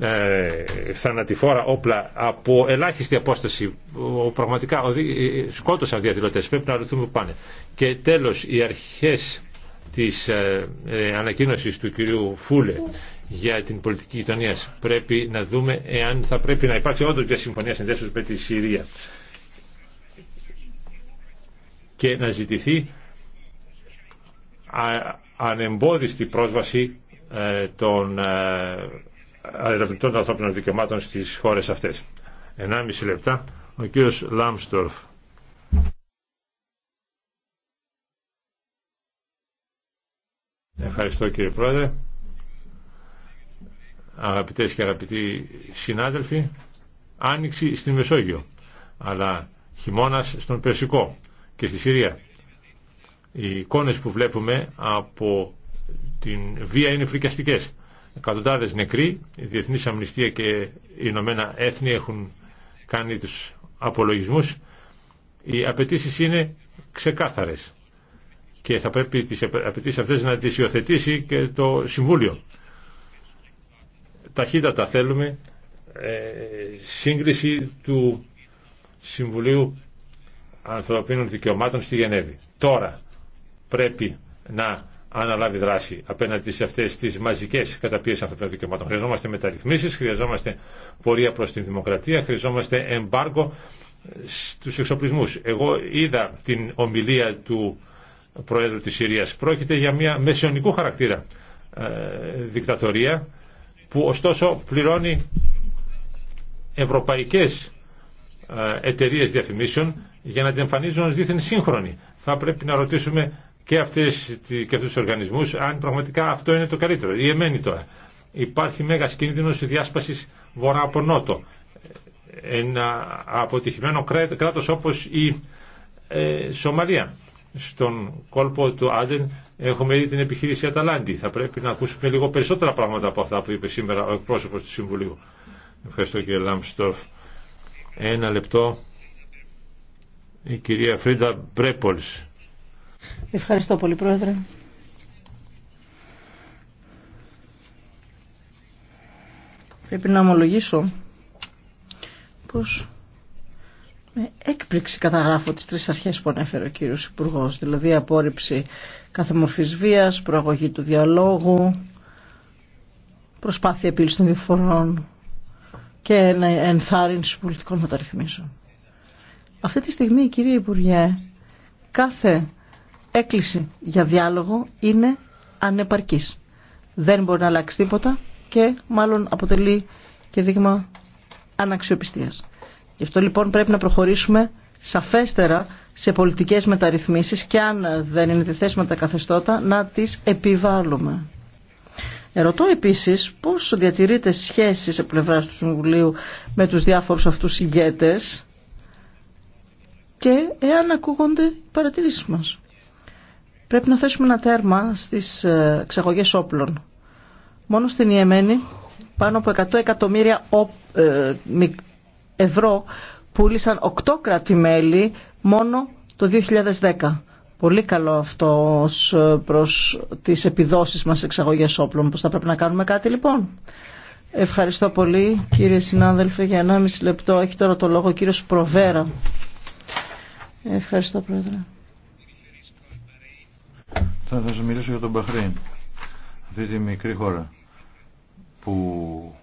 ε, θανατηφόρα όπλα από ελάχιστη απόσταση ο, πραγματικά ε, σκότωσαν διαδηλωτές πρέπει να ρωτήσουμε που πάνε και τέλος οι αρχές της ε, ε του κυρίου Φούλε για την πολιτική γειτονία πρέπει να δούμε εάν θα πρέπει να υπάρξει όντως μια συμφωνία συνδέσεως με τη Συρία και να ζητηθεί α, ανεμπόδιστη πρόσβαση ε, των ερευνητών των ανθρώπινων δικαιωμάτων στις χώρες αυτές. 1,5 λεπτά. Ο κύριος Λάμστορφ. Ευχαριστώ κύριε Πρόεδρε. Αγαπητές και αγαπητοί συνάδελφοι, άνοιξη στην Μεσόγειο, αλλά χειμώνας στον Περσικό και στη Συρία. Οι εικόνες που βλέπουμε από την βία είναι φρικαστικές εκατοντάδες νεκροί, η Διεθνή Αμνηστία και οι Ηνωμένα Έθνη έχουν κάνει τους απολογισμούς. Οι απαιτήσει είναι ξεκάθαρες και θα πρέπει τι απαιτήσει αυτέ να τι υιοθετήσει και το Συμβούλιο. Ταχύτατα θέλουμε ε, σύγκριση του Συμβουλίου Ανθρωπίνων Δικαιωμάτων στη Γενέβη. Τώρα πρέπει να αναλάβει δράση απέναντι σε αυτές τις μαζικές καταπίεσεις ανθρωπίνων δικαιωμάτων. Χρειαζόμαστε μεταρρυθμίσεις, χρειαζόμαστε πορεία προς την δημοκρατία, χρειαζόμαστε εμπάργκο στους εξοπλισμούς. Εγώ είδα την ομιλία του Προέδρου της Συρίας. Πρόκειται για μια μεσαιωνικού χαρακτήρα ε, δικτατορία που ωστόσο πληρώνει ευρωπαϊκές ε, εταιρείε διαφημίσεων για να την εμφανίζουν ως δίθεν σύγχρονη. Θα πρέπει να ρωτήσουμε και, αυτές, και αυτούς τους οργανισμούς αν πραγματικά αυτό είναι το καλύτερο. Η εμένη τώρα. Υπάρχει μέγας κίνδυνος διάσπασης βορρά από νότο. Ένα αποτυχημένο κράτος όπως η ε, Σομαλία. Στον κόλπο του Άντεν έχουμε ήδη την επιχείρηση Αταλάντη. Θα πρέπει να ακούσουμε λίγο περισσότερα πράγματα από αυτά που είπε σήμερα ο εκπρόσωπος του Συμβουλίου. Ευχαριστώ κύριε Λάμπστορφ. Ένα λεπτό. Η κυρία Φρίντα Μπρέπολς. Ευχαριστώ πολύ, Πρόεδρε. Πρέπει να ομολογήσω πως με έκπληξη καταγράφω τις τρεις αρχές που ανέφερε ο κύριος υπουργό, δηλαδή απόρριψη κάθε μορφής βίας, προαγωγή του διαλόγου, προσπάθεια επίλυση των διαφορών και ενθάρρυνση πολιτικών μεταρρυθμίσεων. Αυτή τη στιγμή, κύριε Υπουργέ, κάθε έκκληση για διάλογο είναι ανεπαρκής. Δεν μπορεί να αλλάξει τίποτα και μάλλον αποτελεί και δείγμα αναξιοπιστίας. Γι' αυτό λοιπόν πρέπει να προχωρήσουμε σαφέστερα σε πολιτικές μεταρρυθμίσεις και αν δεν είναι διθέσιμα τα καθεστώτα να τις επιβάλλουμε. Ερωτώ επίσης πώς διατηρείται σχέση σε πλευρά του Συμβουλίου με τους διάφορους αυτούς ηγέτες και εάν ακούγονται οι παρατηρήσεις μας. Πρέπει να θέσουμε ένα τέρμα στις ε, εξαγωγές όπλων. Μόνο στην Ιεμένη πάνω από 100 εκατομμύρια ε, ευρώ πούλησαν 8 κράτη-μέλη μόνο το 2010. Πολύ καλό αυτό ε, προς τις επιδόσεις μας εξαγωγές όπλων. Πώς θα πρέπει να κάνουμε κάτι λοιπόν. Ευχαριστώ πολύ κύριε συνάδελφε για 1,5 λεπτό. Έχει τώρα το λόγο ο κύριος Προβέρα. Ευχαριστώ πρόεδρε. Θα σας μιλήσω για τον Μπαχρέιν, αυτή τη μικρή χώρα που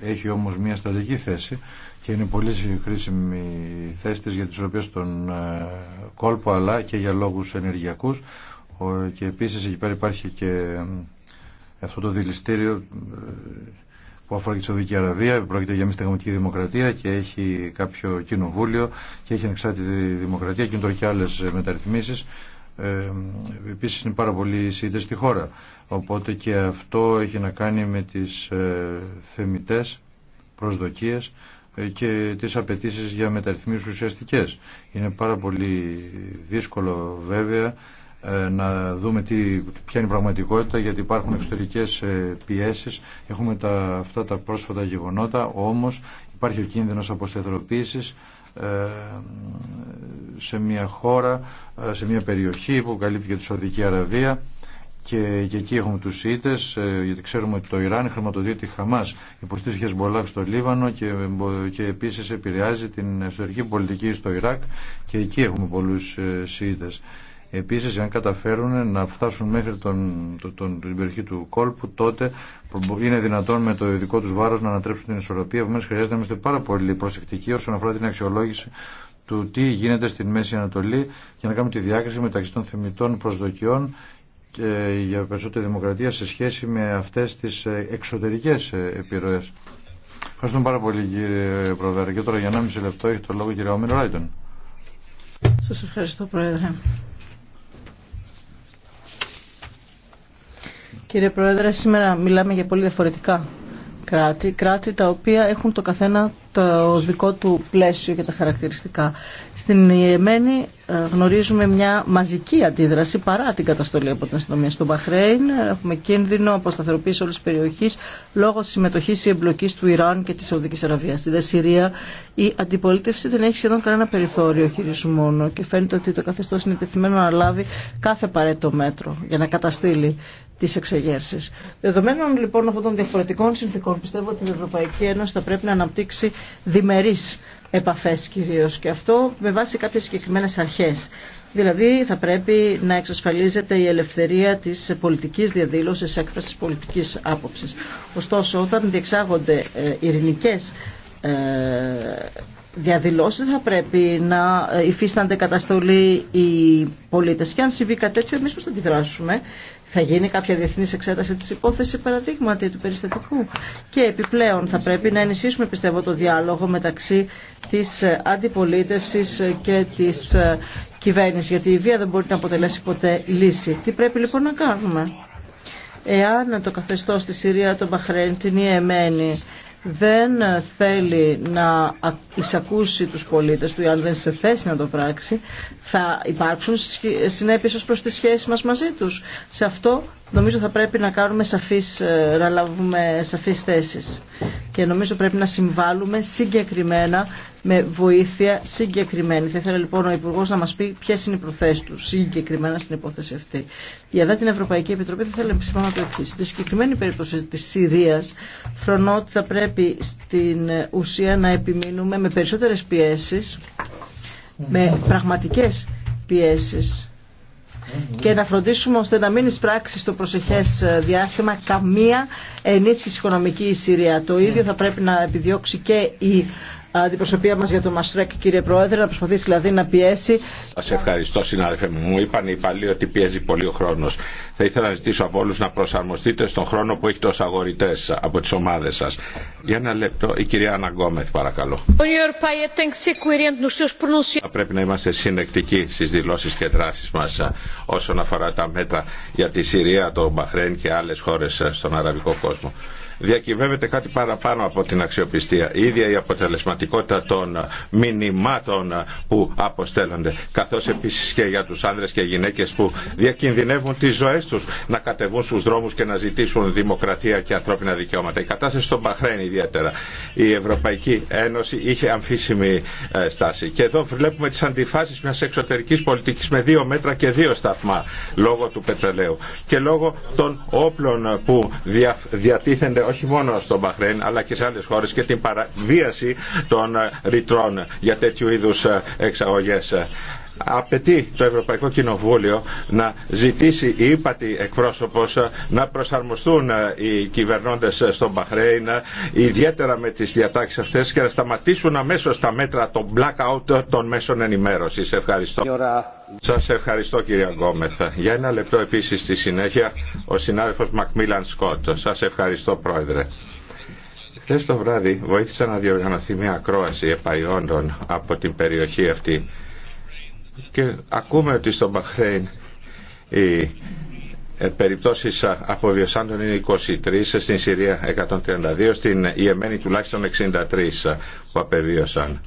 έχει όμως μια στρατηγική θέση και είναι πολύ χρήσιμη θέση της για τις οποίες τον ε, κόλπο αλλά και για λόγους ενεργειακούς και επίσης εκεί πέρα υπάρχει και αυτό το δηληστήριο ε, που αφορά και τη Σοβική Αραβία, πρόκειται για μια στεγματική δημοκρατία και έχει κάποιο κοινοβούλιο και έχει ανεξάρτητη δημοκρατία και είναι τώρα και άλλε μεταρρυθμίσει ε, επίσης είναι πάρα πολύ σύντες στη χώρα. Οπότε και αυτό έχει να κάνει με τις ε, θεμητές προσδοκίες ε, και τις απαιτήσει για μεταρρυθμίσεις ουσιαστικές. Είναι πάρα πολύ δύσκολο βέβαια ε, να δούμε τι, ποια είναι η πραγματικότητα γιατί υπάρχουν εξωτερικές πιέσεις έχουμε τα, αυτά τα πρόσφατα γεγονότα όμως υπάρχει ο κίνδυνος αποστεθροποίησης ε, σε μια χώρα, ε, σε μια περιοχή που καλύπτει και τη Σαουδική Αραβία και, και εκεί έχουμε του Ιήτε, ε, γιατί ξέρουμε ότι το Ιράν χρηματοδοτεί τη Χαμάς υποστήριξε Χεσμολάχ στο Λίβανο και, και επίσης επηρεάζει την εσωτερική πολιτική στο Ιράκ και εκεί έχουμε πολλούς ε, Επίσης, αν καταφέρουν να φτάσουν μέχρι τον, τον, τον, την περιοχή του κόλπου, τότε είναι δυνατόν με το ειδικό τους βάρος να ανατρέψουν την ισορροπία. Επομένως, χρειάζεται να είμαστε πάρα πολύ προσεκτικοί όσον αφορά την αξιολόγηση του τι γίνεται στην Μέση Ανατολή και να κάνουμε τη διάκριση μεταξύ των θεμητών προσδοκιών και για περισσότερη δημοκρατία σε σχέση με αυτές τις ε, εξωτερικές ε, επιρροές. Ευχαριστούμε πάρα πολύ κύριε Πρόεδρε. Και τώρα για 1,5 λεπτό έχει το λόγο κύριε Όμιρο Ράιτον. Σας ευχαριστώ Πρόεδρε. Κύριε Πρόεδρε, σήμερα μιλάμε για πολύ διαφορετικά κράτη, κράτη τα οποία έχουν το καθένα το δικό του πλαίσιο και τα χαρακτηριστικά. Στην Ιεμένη ε, γνωρίζουμε μια μαζική αντίδραση παρά την καταστολή από την αστυνομία στο Μπαχρέιν. Έχουμε κίνδυνο αποσταθεροποίηση όλη τη περιοχή λόγω συμμετοχή ή εμπλοκή του Ιράν και τη Σαουδική Αραβία. Στη δε Συρία η αντιπολίτευση δεν έχει σχεδόν κανένα περιθώριο χειρισμού και φαίνεται ότι το καθεστώ είναι τεθειμένο να λάβει κάθε παρέτο μέτρο για να καταστήλει τι εξεγέρσει. Δεδομένων λοιπόν αυτών των διαφορετικών συνθήκων, πιστεύω ότι η Ευρωπαϊκή Ένωση θα πρέπει να αναπτύξει διμερεί επαφές κυρίως και αυτό με βάση κάποιες συγκεκριμένε αρχές. Δηλαδή θα πρέπει να εξασφαλίζεται η ελευθερία της πολιτικής διαδήλωσης, έκφρασης πολιτικής άποψης. Ωστόσο όταν διεξάγονται ε, ειρηνικές ε, διαδηλώσεις θα πρέπει να ε, υφίστανται καταστολή οι πολίτες. Και αν συμβεί κάτι τέτοιο, εμείς πώς θα αντιδράσουμε. Θα γίνει κάποια διεθνή εξέταση τη υπόθεση παραδείγματι του περιστατικού. Και επιπλέον θα πρέπει να ενισχύσουμε, πιστεύω, το διάλογο μεταξύ τη ε, αντιπολίτευση ε, και τη κυβέρνηση. Γιατί η βία δεν μπορεί να αποτελέσει ποτέ λύση. Τι πρέπει λοιπόν να κάνουμε. Εάν το καθεστώ στη Συρία, τον Μπαχρέν, την Ιεμένη, δεν θέλει να εισακούσει τους πολίτες του ή αν δεν σε θέση να το πράξει θα υπάρξουν συνέπειες ως προς τη σχέση μας μαζί τους. Σε αυτό νομίζω θα πρέπει να κάνουμε σαφείς, ε, να λάβουμε σαφείς θέσεις. Και νομίζω πρέπει να συμβάλλουμε συγκεκριμένα με βοήθεια συγκεκριμένη. Θα ήθελα λοιπόν ο Υπουργό να μα πει ποιε είναι οι προθέσει του συγκεκριμένα στην υπόθεση αυτή. Για δε την Ευρωπαϊκή Επιτροπή θα ήθελα να επισημάνω το εξή. Στη συγκεκριμένη περίπτωση τη Συρίας φρονώ ότι θα πρέπει στην ουσία να επιμείνουμε με περισσότερες πιέσεις, με πραγματικέ πιέσεις και να φροντίσουμε ώστε να μην εισπράξει στο προσεχέ ε, διάστημα καμία ενίσχυση οικονομική η Συρία. Το ίδιο θα πρέπει να επιδιώξει και η αντιπροσωπεία μα για το Μαστρέκ, κύριε Πρόεδρε, να προσπαθήσει δηλαδή να πιέσει. Σα ευχαριστώ, συνάδελφε μου. Μου είπαν οι υπαλλήλοι ότι πιέζει πολύ ο χρόνο. Θα ήθελα να ζητήσω από όλους να προσαρμοστείτε στον χρόνο που έχετε ως αγορητές από τις ομάδες σας. Για ένα λεπτό, η κυρία Αναγκόμεθ παρακαλώ. Θα πρέπει να είμαστε συνεκτικοί στις δηλώσεις και δράσεις μας όσον αφορά τα μέτρα για τη Συρία, το Μπαχρέν και άλλες χώρες στον αραβικό κόσμο διακυβεύεται κάτι παραπάνω από την αξιοπιστία. Η ίδια η αποτελεσματικότητα των μηνυμάτων που αποστέλλονται, καθώ επίση και για του άνδρες και γυναίκε που διακινδυνεύουν τις ζωέ του να κατεβούν στου δρόμου και να ζητήσουν δημοκρατία και ανθρώπινα δικαιώματα. Η κατάσταση στον Παχρέν ιδιαίτερα. Η Ευρωπαϊκή Ένωση είχε αμφίσιμη ε, στάση. Και εδώ βλέπουμε τι αντιφάσει μια εξωτερική πολιτική με δύο μέτρα και δύο σταθμά λόγω του πετρελαίου και λόγω των όπλων που διατίθενται όχι μόνο στο Μπαχρέν αλλά και σε άλλες χώρες και την παραβίαση των ρητρών για τέτοιου είδους εξαγωγές απαιτεί το Ευρωπαϊκό Κοινοβούλιο να ζητήσει η ύπατη εκπρόσωπος να προσαρμοστούν ε, οι κυβερνώντες στο Μπαχρέιν ε, ιδιαίτερα με τις διατάξεις αυτές και να σταματήσουν αμέσως τα μέτρα των blackout των μέσων ενημέρωσης. Ευχαριστώ. Σας ευχαριστώ κύριε Γκόμεθα. Για ένα λεπτό επίσης στη συνέχεια ο συνάδελφος Μακμίλαν Σκότ. Σας ευχαριστώ πρόεδρε. Χθε το βράδυ βοήθησα να διοργανωθεί μια ακρόαση επαϊόντων από την περιοχή αυτή και ακούμε ότι στο Μπαχρέιν οι ε, περιπτώσεις αποβιωσάντων είναι 23, στην Συρία 132, στην Ιεμένη τουλάχιστον 63 που απεβίωσαν.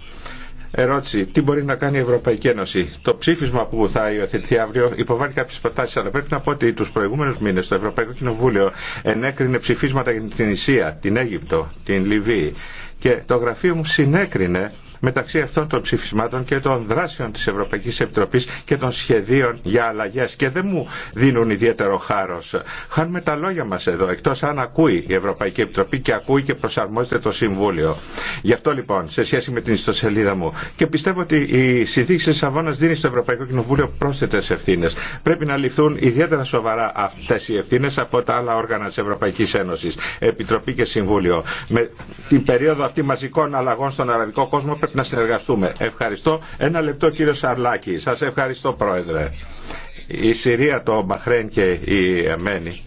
Ερώτηση. Τι μπορεί να κάνει η Ευρωπαϊκή Ένωση. Το ψήφισμα που θα υιοθετηθεί αύριο υποβάλλει κάποιε προτάσει, αλλά πρέπει να πω ότι του προηγούμενου μήνε το Ευρωπαϊκό Κοινοβούλιο ενέκρινε ψηφίσματα για την Ισία, την Αίγυπτο, την Λιβύη. Και το γραφείο μου συνέκρινε μεταξύ αυτών των ψηφισμάτων και των δράσεων της Ευρωπαϊκής Επιτροπής και των σχεδίων για αλλαγές και δεν μου δίνουν ιδιαίτερο χάρος. Χάνουμε τα λόγια μας εδώ, εκτός αν ακούει η Ευρωπαϊκή Επιτροπή και ακούει και προσαρμόζεται το Συμβούλιο. Γι' αυτό λοιπόν, σε σχέση με την ιστοσελίδα μου, και πιστεύω ότι η συνθήκη της Σαββόνας δίνει στο Ευρωπαϊκό Κοινοβούλιο πρόσθετες ευθύνες. Πρέπει να ληφθούν ιδιαίτερα σοβαρά αυτές οι Ευθύνε από τα άλλα όργανα της Ευρωπαϊκής Ένωσης, Επιτροπή και Συμβούλιο. Με την περίοδο αυτή μαζικών αλλαγών στον αραβικό κόσμο να συνεργαστούμε. Ευχαριστώ. Ένα λεπτό κύριο Σαρλάκη. Σας ευχαριστώ πρόεδρε. Η Συρία, το Μπαχρέν και η Εμένη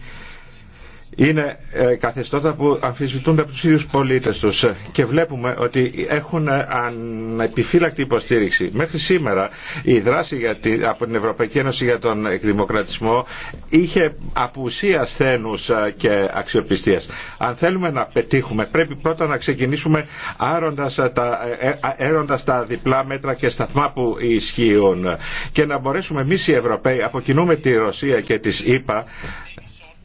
είναι ε, καθεστώτα που αμφισβητούνται από τους ίδιους πολίτες τους και βλέπουμε ότι έχουν ε, ανεπιφύλακτη υποστήριξη. Μέχρι σήμερα η δράση από την Ευρωπαϊκή Ένωση για τον εκδημοκρατισμό είχε απουσία σθένους ε, και αξιοπιστίας. Αν θέλουμε να πετύχουμε πρέπει πρώτα να ξεκινήσουμε άροντας τα, έροντας τα διπλά μέτρα και σταθμά που ισχύουν και να μπορέσουμε εμείς οι Ευρωπαίοι από τη Ρωσία και τις ΗΠΑ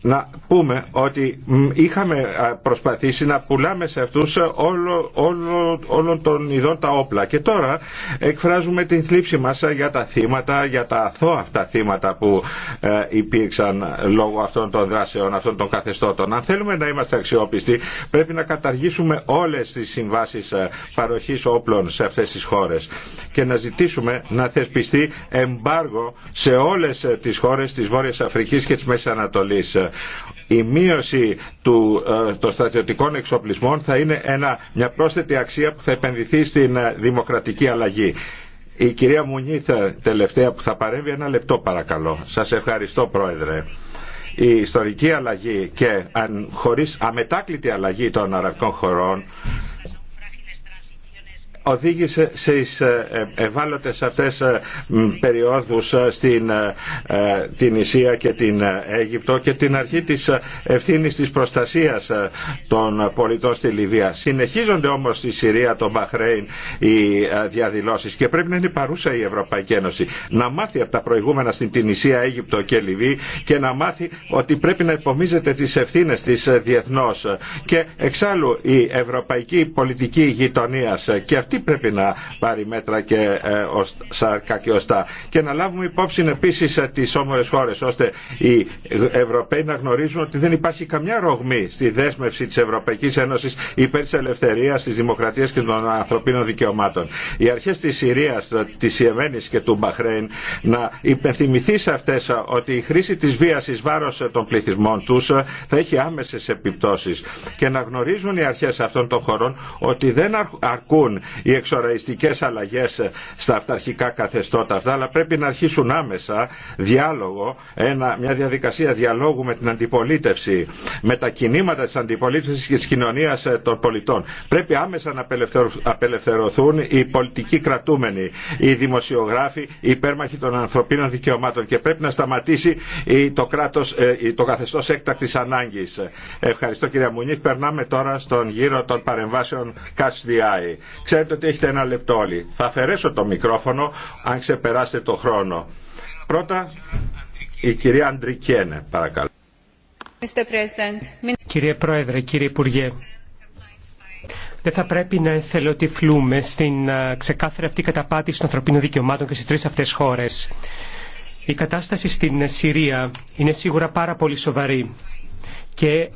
να πούμε ότι είχαμε προσπαθήσει να πουλάμε σε αυτούς ε, όλο, όλο, όλων των ειδών τα όπλα και τώρα εκφράζουμε την θλίψη μας ε, για τα θύματα, για τα αθώα αυτά θύματα που ε, υπήρξαν λόγω αυτών των δράσεων, αυτών των καθεστώτων. Αν θέλουμε να είμαστε αξιόπιστοι πρέπει να καταργήσουμε όλες τις συμβάσεις παροχής όπλων σε αυτές τις χώρες και να ζητήσουμε να θεσπιστεί εμπάργο σε όλες τις χώρες της Βόρειας Αφρικής και της Μέσης Ανατολής η μείωση του, ε, των στρατιωτικών εξοπλισμών θα είναι ένα, μια πρόσθετη αξία που θα επενδυθεί στην ε, δημοκρατική αλλαγή. Η κυρία Μουνίθα ε, τελευταία που θα παρέμβει ένα λεπτό παρακαλώ. Σας ευχαριστώ πρόεδρε η ιστορική αλλαγή και αν, χωρίς αμετάκλητη αλλαγή των αραβικών χωρών οδήγησε στις ε, ε, ευάλωτες αυτές ε, περιόδους στην την Ισία και την Αίγυπτο και την αρχή της ευθύνης της προστασίας των πολιτών στη Λιβύα. Συνεχίζονται όμως στη Συρία, το Μπαχρέιν οι διαδηλώσεις και πρέπει να είναι παρούσα η Ευρωπαϊκή Ένωση να μάθει από τα προηγούμενα στην Ισία, Αίγυπτο και Λιβύη και να μάθει ότι πρέπει να υπομίζεται τις ευθύνες της διεθνώς και εξάλλου η ευρωπαϊκή πολιτική και αυτή πρέπει να πάρει μέτρα και ε, σαρκά και Και να λάβουμε υπόψη επίση ε, τι όμορε χώρε, ώστε οι Ευρωπαίοι να γνωρίζουν ότι δεν υπάρχει καμιά ρογμή στη δέσμευση τη Ευρωπαϊκή Ένωση υπέρ τη ελευθερία, τη δημοκρατία και των ανθρωπίνων δικαιωμάτων. Οι αρχέ τη Συρία, ε, τη Ιεμένη και του Μπαχρέιν να υπενθυμηθεί σε αυτέ ότι η χρήση τη βία ει βάρο των πληθυσμών του θα έχει άμεσε επιπτώσει. Και να γνωρίζουν οι αρχέ αυτών των χωρών ότι δεν αρκούν οι εξοραϊστικές αλλαγές στα αυταρχικά καθεστώτα αυτά, αλλά πρέπει να αρχίσουν άμεσα διάλογο, ένα, μια διαδικασία διαλόγου με την αντιπολίτευση, με τα κινήματα της αντιπολίτευσης και της κοινωνίας ε, των πολιτών. Πρέπει άμεσα να απελευθερωθούν οι πολιτικοί κρατούμενοι, οι δημοσιογράφοι, οι υπέρμαχοι των ανθρωπίνων δικαιωμάτων και πρέπει να σταματήσει το, κράτος, ε, το καθεστώς έκτακτης ανάγκης. Ευχαριστώ κυρία Μουνίθ. Περνάμε τώρα στον γύρο των παρεμβάσεων Catch the Ξέρετε ότι έχετε ένα λεπτό όλοι. Θα αφαιρέσω το μικρόφωνο αν ξεπεράσετε το χρόνο. Πρώτα, η κυρία Αντρικένε, παρακαλώ. Κύριε Πρόεδρε, κύριε Υπουργέ, δεν θα πρέπει να εθελοτυφλούμε στην ξεκάθαρη αυτή καταπάτηση των ανθρωπίνων δικαιωμάτων και στις τρεις αυτές χώρες. Η κατάσταση στην Συρία είναι σίγουρα πάρα πολύ σοβαρή και ε,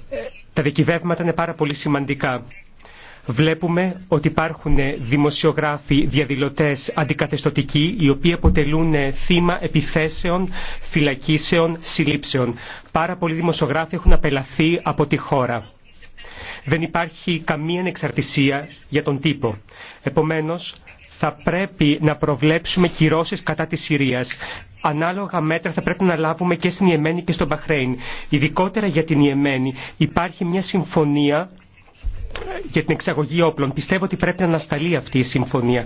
τα δικηβεύματα είναι πάρα πολύ σημαντικά. Βλέπουμε ότι υπάρχουν δημοσιογράφοι διαδηλωτές αντικαθεστωτικοί οι οποίοι αποτελούν θύμα επιθέσεων, φυλακίσεων, συλλήψεων. Πάρα πολλοί δημοσιογράφοι έχουν απελαθεί από τη χώρα. Δεν υπάρχει καμία ανεξαρτησία για τον τύπο. Επομένως, θα πρέπει να προβλέψουμε κυρώσεις κατά της Συρίας. Ανάλογα μέτρα θα πρέπει να λάβουμε και στην Ιεμένη και στον Μπαχρέιν. Ειδικότερα για την Ιεμένη υπάρχει μια συμφωνία για την εξαγωγή όπλων. Πιστεύω ότι πρέπει να ανασταλεί αυτή η συμφωνία.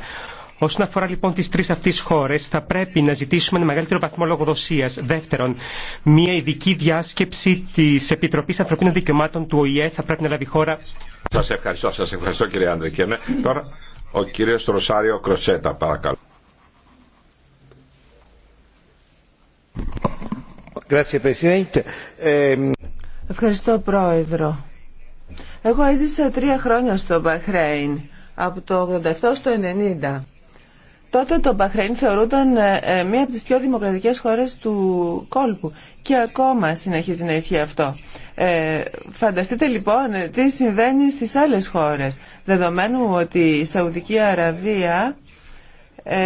Όσον αφορά λοιπόν τι τρει αυτέ χώρε, θα πρέπει να ζητήσουμε ένα μεγαλύτερο βαθμό λογοδοσία. Δεύτερον, μια ειδική διάσκεψη τη Επιτροπή Ανθρωπίνων Δικαιωμάτων του ΟΗΕ θα πρέπει να λάβει χώρα. Σα ευχαριστώ, σα ευχαριστώ κύριε Άντρικεν. Τώρα ο κύριο Ροσάριο Κροσέτα, παρακαλώ. Ε, ευχαριστώ, Πρόεδρο. Εγώ έζησα τρία χρόνια στο Μπαχρέιν, από το 87 στο 90. Τότε το Μπαχρέιν θεωρούνταν ε, ε, μία από τις πιο δημοκρατικές χώρες του κόλπου και ακόμα συνεχίζει να ισχύει αυτό. Ε, φανταστείτε λοιπόν τι συμβαίνει στις άλλες χώρες, δεδομένου ότι η Σαουδική Αραβία ε,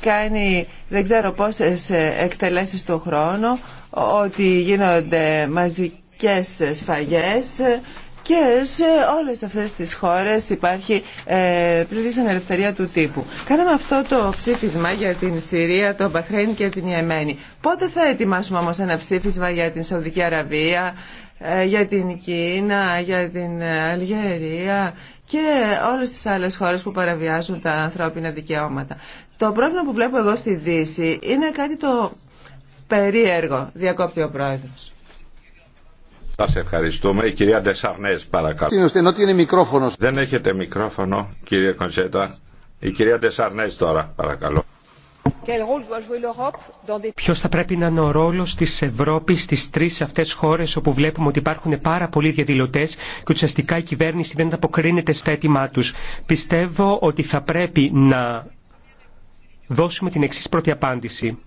κάνει δεν ξέρω πόσες ε, εκτελέσεις το χρόνο, ότι γίνονται μαζικές σφαγές, και σε όλες αυτές τις χώρες υπάρχει ε, πλήρης ελευθερία του τύπου. Κάναμε αυτό το ψήφισμα για την Συρία, τον Μπαχρέιν και την Ιεμένη. Πότε θα ετοιμάσουμε όμως ένα ψήφισμα για την Σαουδική Αραβία, ε, για την Κίνα, για την ε, Αλγερία και όλες τις άλλες χώρες που παραβιάζουν τα ανθρώπινα δικαιώματα. Το πρόβλημα που βλέπω εγώ στη Δύση είναι κάτι το περίεργο, διακόπτει ο Πρόεδρος. Σα ευχαριστούμε. Η κυρία Ντεσαρνέ, παρακαλώ. Ότι είναι μικρόφωνο. Δεν έχετε μικρόφωνο κύριε Κονσέτα. Η κυρία Ντεσαρνέ τώρα παρακαλώ. Ποιο θα πρέπει να είναι ο ρόλο τη Ευρώπη στι τρει αυτέ χώρε όπου βλέπουμε ότι υπάρχουν πάρα πολλοί διαδηλωτέ και ουσιαστικά η κυβέρνηση δεν ανταποκρίνεται στα αίτημά του. Πιστεύω ότι θα πρέπει να δώσουμε την εξή πρώτη απάντηση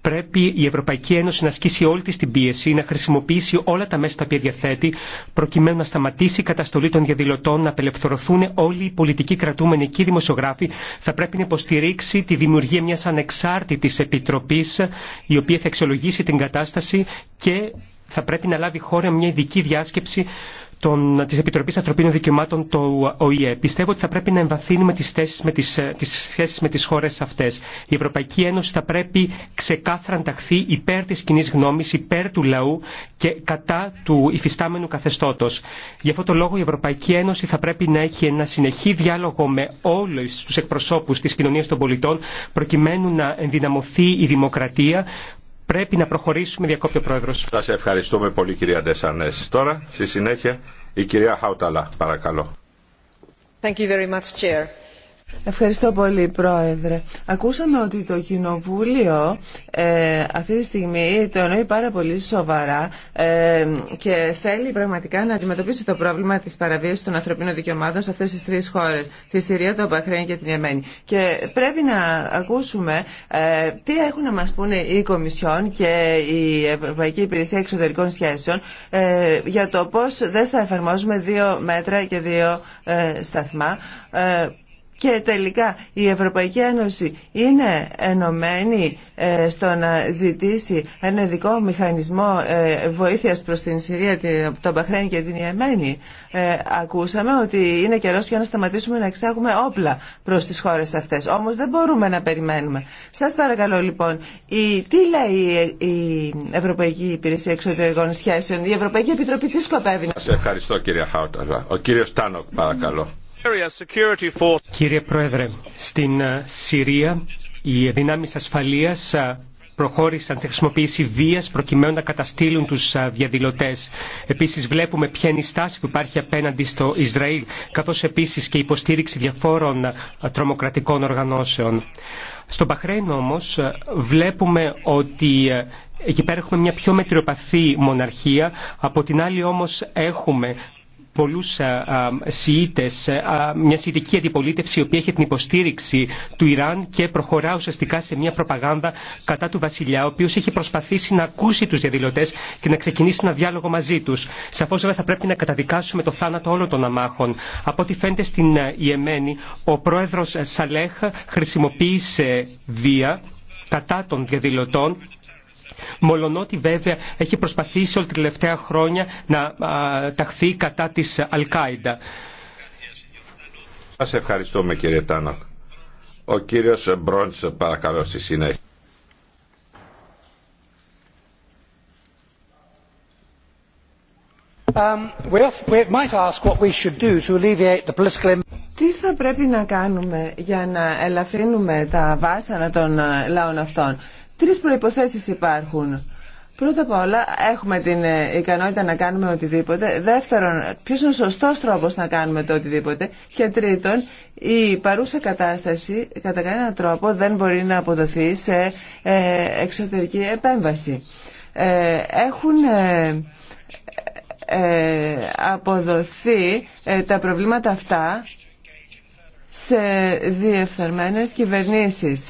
πρέπει η Ευρωπαϊκή Ένωση να ασκήσει όλη τη την πίεση, να χρησιμοποιήσει όλα τα μέσα τα οποία διαθέτει, προκειμένου να σταματήσει η καταστολή των διαδηλωτών, να απελευθερωθούν όλοι οι πολιτικοί κρατούμενοι και οι δημοσιογράφοι. Θα πρέπει να υποστηρίξει τη δημιουργία μιας ανεξάρτητης επιτροπής, η οποία θα εξολογήσει την κατάσταση και θα πρέπει να λάβει χώρα μια ειδική διάσκεψη τη Επιτροπή Ανθρωπίνων Δικαιωμάτων του ΟΗΕ. Πιστεύω ότι θα πρέπει να εμβαθύνουμε τι σχέσει με τι χώρε αυτέ. Η Ευρωπαϊκή Ένωση θα πρέπει ξεκάθαρα να ταχθεί υπέρ τη κοινή γνώμη, υπέρ του λαού και κατά του υφιστάμενου καθεστώτο. Γι' αυτό το λόγο η Ευρωπαϊκή Ένωση θα πρέπει να έχει ένα συνεχή διάλογο με όλου του εκπροσώπου τη Κοινωνία των πολιτών προκειμένου να ενδυναμωθεί η δημοκρατία, Πρέπει να προχωρήσουμε, διακόπτει ο Πρόεδρο. Σα ευχαριστούμε πολύ, κυρία Ντεσανέ. Τώρα, στη συνέχεια, η κυρία Χάουταλα, παρακαλώ. Thank you very much, Chair. Ευχαριστώ πολύ, Πρόεδρε. Ακούσαμε ότι το Κοινοβούλιο ε, αυτή τη στιγμή το εννοεί πάρα πολύ σοβαρά ε, και θέλει πραγματικά να αντιμετωπίσει το πρόβλημα της παραβίασης των ανθρωπίνων δικαιωμάτων σε αυτές τις τρεις χώρες, τη Συρία, το Παχρέν και την Εμένη. Και πρέπει να ακούσουμε ε, τι έχουν να μας πούνε οι Κομισιόν και η Ευρωπαϊκή Υπηρεσία Εξωτερικών Σχέσεων ε, για το πώς δεν θα εφαρμόζουμε δύο μέτρα και δύο ε, σταθμά ε, και τελικά η Ευρωπαϊκή Ένωση είναι ενωμένη ε, στο να ζητήσει ένα ειδικό μηχανισμό ε, βοήθειας προς την Συρία, τον Παχρέν και την Ιεμένη. Ε, ακούσαμε ότι είναι καιρός πια να σταματήσουμε να εξάγουμε όπλα προς τις χώρες αυτές. Όμως δεν μπορούμε να περιμένουμε. Σας παρακαλώ λοιπόν, η, τι λέει η Ευρωπαϊκή Υπηρεσία Εξωτερικών Σχέσεων, η Ευρωπαϊκή Επιτροπή τι σκοπεύει. Σας ευχαριστώ κύριε Χάουταζα. Ο κύριος Τάνοκ παρακαλώ. Κύριε Πρόεδρε, στην ε, Συρία οι δυνάμεις ασφαλείας ε, προχώρησαν σε χρησιμοποίηση βίας προκειμένου να καταστήλουν τους ε, διαδηλωτές. Επίσης βλέπουμε ποια είναι η στάση που υπάρχει απέναντι στο Ισραήλ, καθώς επίσης και υποστήριξη διαφόρων τρομοκρατικών οργανώσεων. Στο Μπαχρέιν όμως βλέπουμε ότι εκεί πέρα έχουμε μια πιο μετριοπαθή μοναρχία, από την άλλη όμως έχουμε πολλούς Σιήτες, μια Σιητική αντιπολίτευση η οποία έχει την υποστήριξη του Ιράν και προχωρά ουσιαστικά σε μια προπαγάνδα κατά του βασιλιά, ο οποίος έχει προσπαθήσει να ακούσει τους διαδηλωτέ και να ξεκινήσει ένα διάλογο μαζί τους. Σαφώς βέβαια θα πρέπει να καταδικάσουμε το θάνατο όλων των αμάχων. Από ό,τι φαίνεται στην Ιεμένη, ο πρόεδρος Σαλέχ χρησιμοποίησε βία κατά των διαδηλωτών μολονότι βέβαια έχει προσπαθήσει όλη τη τελευταία χρόνια να ταχθεί κατά της Αλκάιντα. Σας ευχαριστούμε κύριε Τάνο. Ο κύριος Μπρόντς παρακαλώ στη συνέχεια. Um, Τι θα πρέπει να κάνουμε για να ελαφρύνουμε τα βάσανα των λαών αυτών. Τρεις προϋποθέσεις υπάρχουν. Πρώτα απ' όλα έχουμε την ε, ικανότητα να κάνουμε οτιδήποτε. Δεύτερον, ποιο είναι ο σωστό τρόπο να κάνουμε το οτιδήποτε. Και τρίτον, η παρούσα κατάσταση κατά κανέναν τρόπο δεν μπορεί να αποδοθεί σε ε, εξωτερική επέμβαση. Ε, έχουν αποδοθεί τα προβλήματα αυτά σε διεφθαρμένες κυβερνήσεις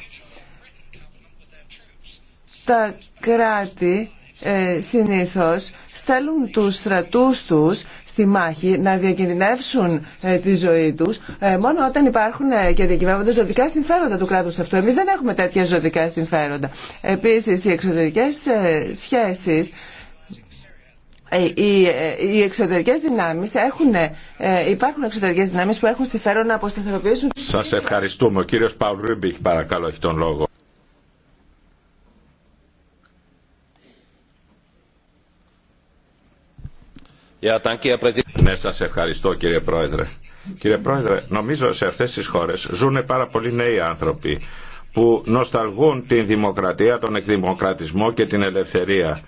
τα κράτη ε, συνήθως στέλνουν τους στρατούς τους στη μάχη να διακινδυνεύσουν ε, τη ζωή τους ε, μόνο όταν υπάρχουν ε, και διακυβεύονται ζωτικά συμφέροντα του κράτους αυτού. Εμείς δεν έχουμε τέτοια ζωτικά συμφέροντα. Επίσης, οι εξωτερικές σχέσεις οι εξωτερικές δυνάμεις έχουν, υπάρχουν εξωτερικές δυνάμεις που έχουν συμφέρον να αποσταθεροποιήσουν... Σας ευχαριστούμε. Ο κύριος Παουλ Ρούμπιχ παρακαλώ έχει τον λόγο. Ναι, σας ευχαριστώ κύριε Πρόεδρε. Κύριε Πρόεδρε, νομίζω σε αυτές τις χώρες ζουν πάρα πολλοί νέοι άνθρωποι που νοσταλγούν την δημοκρατία, τον εκδημοκρατισμό και την ελευθερία.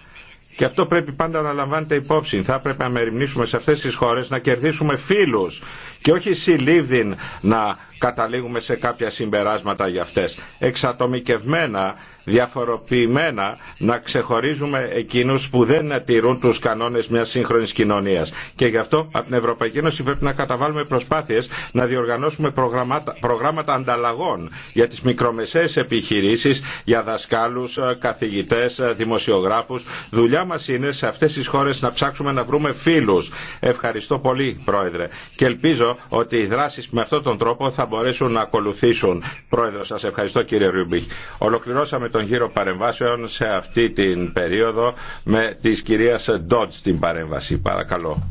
Και αυτό πρέπει πάντα να λαμβάνεται υπόψη. Θα πρέπει να μεριμνήσουμε σε αυτές τις χώρες να κερδίσουμε φίλους και όχι συλλήβδιν να καταλήγουμε σε κάποια συμπεράσματα για αυτές. Εξατομικευμένα διαφοροποιημένα να ξεχωρίζουμε εκείνους που δεν τηρούν τους κανόνες μιας σύγχρονης κοινωνίας. Και γι' αυτό από την Ευρωπαϊκή Ένωση πρέπει να καταβάλουμε προσπάθειες να διοργανώσουμε προγράμματα, προγράμματα ανταλλαγών για τις μικρομεσαίες επιχειρήσεις, για δασκάλους, ε, καθηγητές, ε, δημοσιογράφους. Δουλειά μας είναι σε αυτές τις χώρες να ψάξουμε να βρούμε φίλους. Ευχαριστώ πολύ Πρόεδρε και ελπίζω ότι οι δράσεις με αυτόν τον τρόπο θα μπορέσουν να ακολουθήσουν. Πρόεδρο, σας ευχαριστώ κύριε Ρούμπιχ. Ολοκληρώσαμε τον παρεμβάσεων σε αυτή την περίοδο με τη κυρίας Ντότ την παρέμβαση. Παρακαλώ.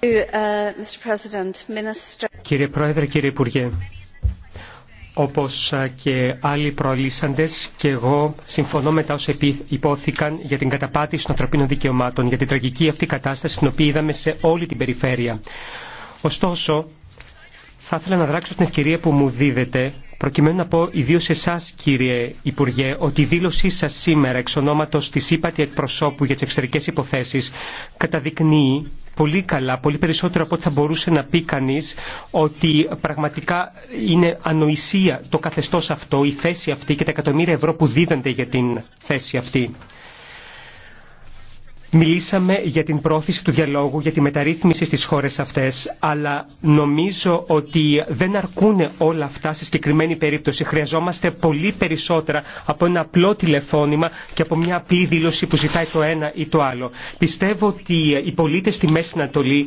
Ε, ε, κύριε Πρόεδρε, κύριε Υπουργέ, όπως ε, και άλλοι προαλήσαντες και εγώ συμφωνώ με μετά όσα υπόθηκαν για την καταπάτηση των ανθρωπίνων δικαιωμάτων, για την τραγική αυτή κατάσταση την οποία είδαμε σε όλη την περιφέρεια. Ωστόσο, θα ήθελα να δράξω την ευκαιρία που μου δίδεται προκειμένου να πω ιδίω σε εσά, κύριε Υπουργέ, ότι η δήλωσή σα σήμερα εξ ονόματο τη ύπατη εκπροσώπου για τι εξωτερικέ υποθέσει καταδεικνύει πολύ καλά, πολύ περισσότερο από ό,τι θα μπορούσε να πει κανεί, ότι πραγματικά είναι ανοησία το καθεστώ αυτό, η θέση αυτή και τα εκατομμύρια ευρώ που δίδονται για την θέση αυτή. Μιλήσαμε για την πρόθεση του διαλόγου, για τη μεταρρύθμιση στις χώρες αυτές, αλλά νομίζω ότι δεν αρκούν όλα αυτά σε συγκεκριμένη περίπτωση. Χρειαζόμαστε πολύ περισσότερα από ένα απλό τηλεφώνημα και από μια απλή δήλωση που ζητάει το ένα ή το άλλο. Πιστεύω ότι οι πολίτες στη Μέση Ανατολή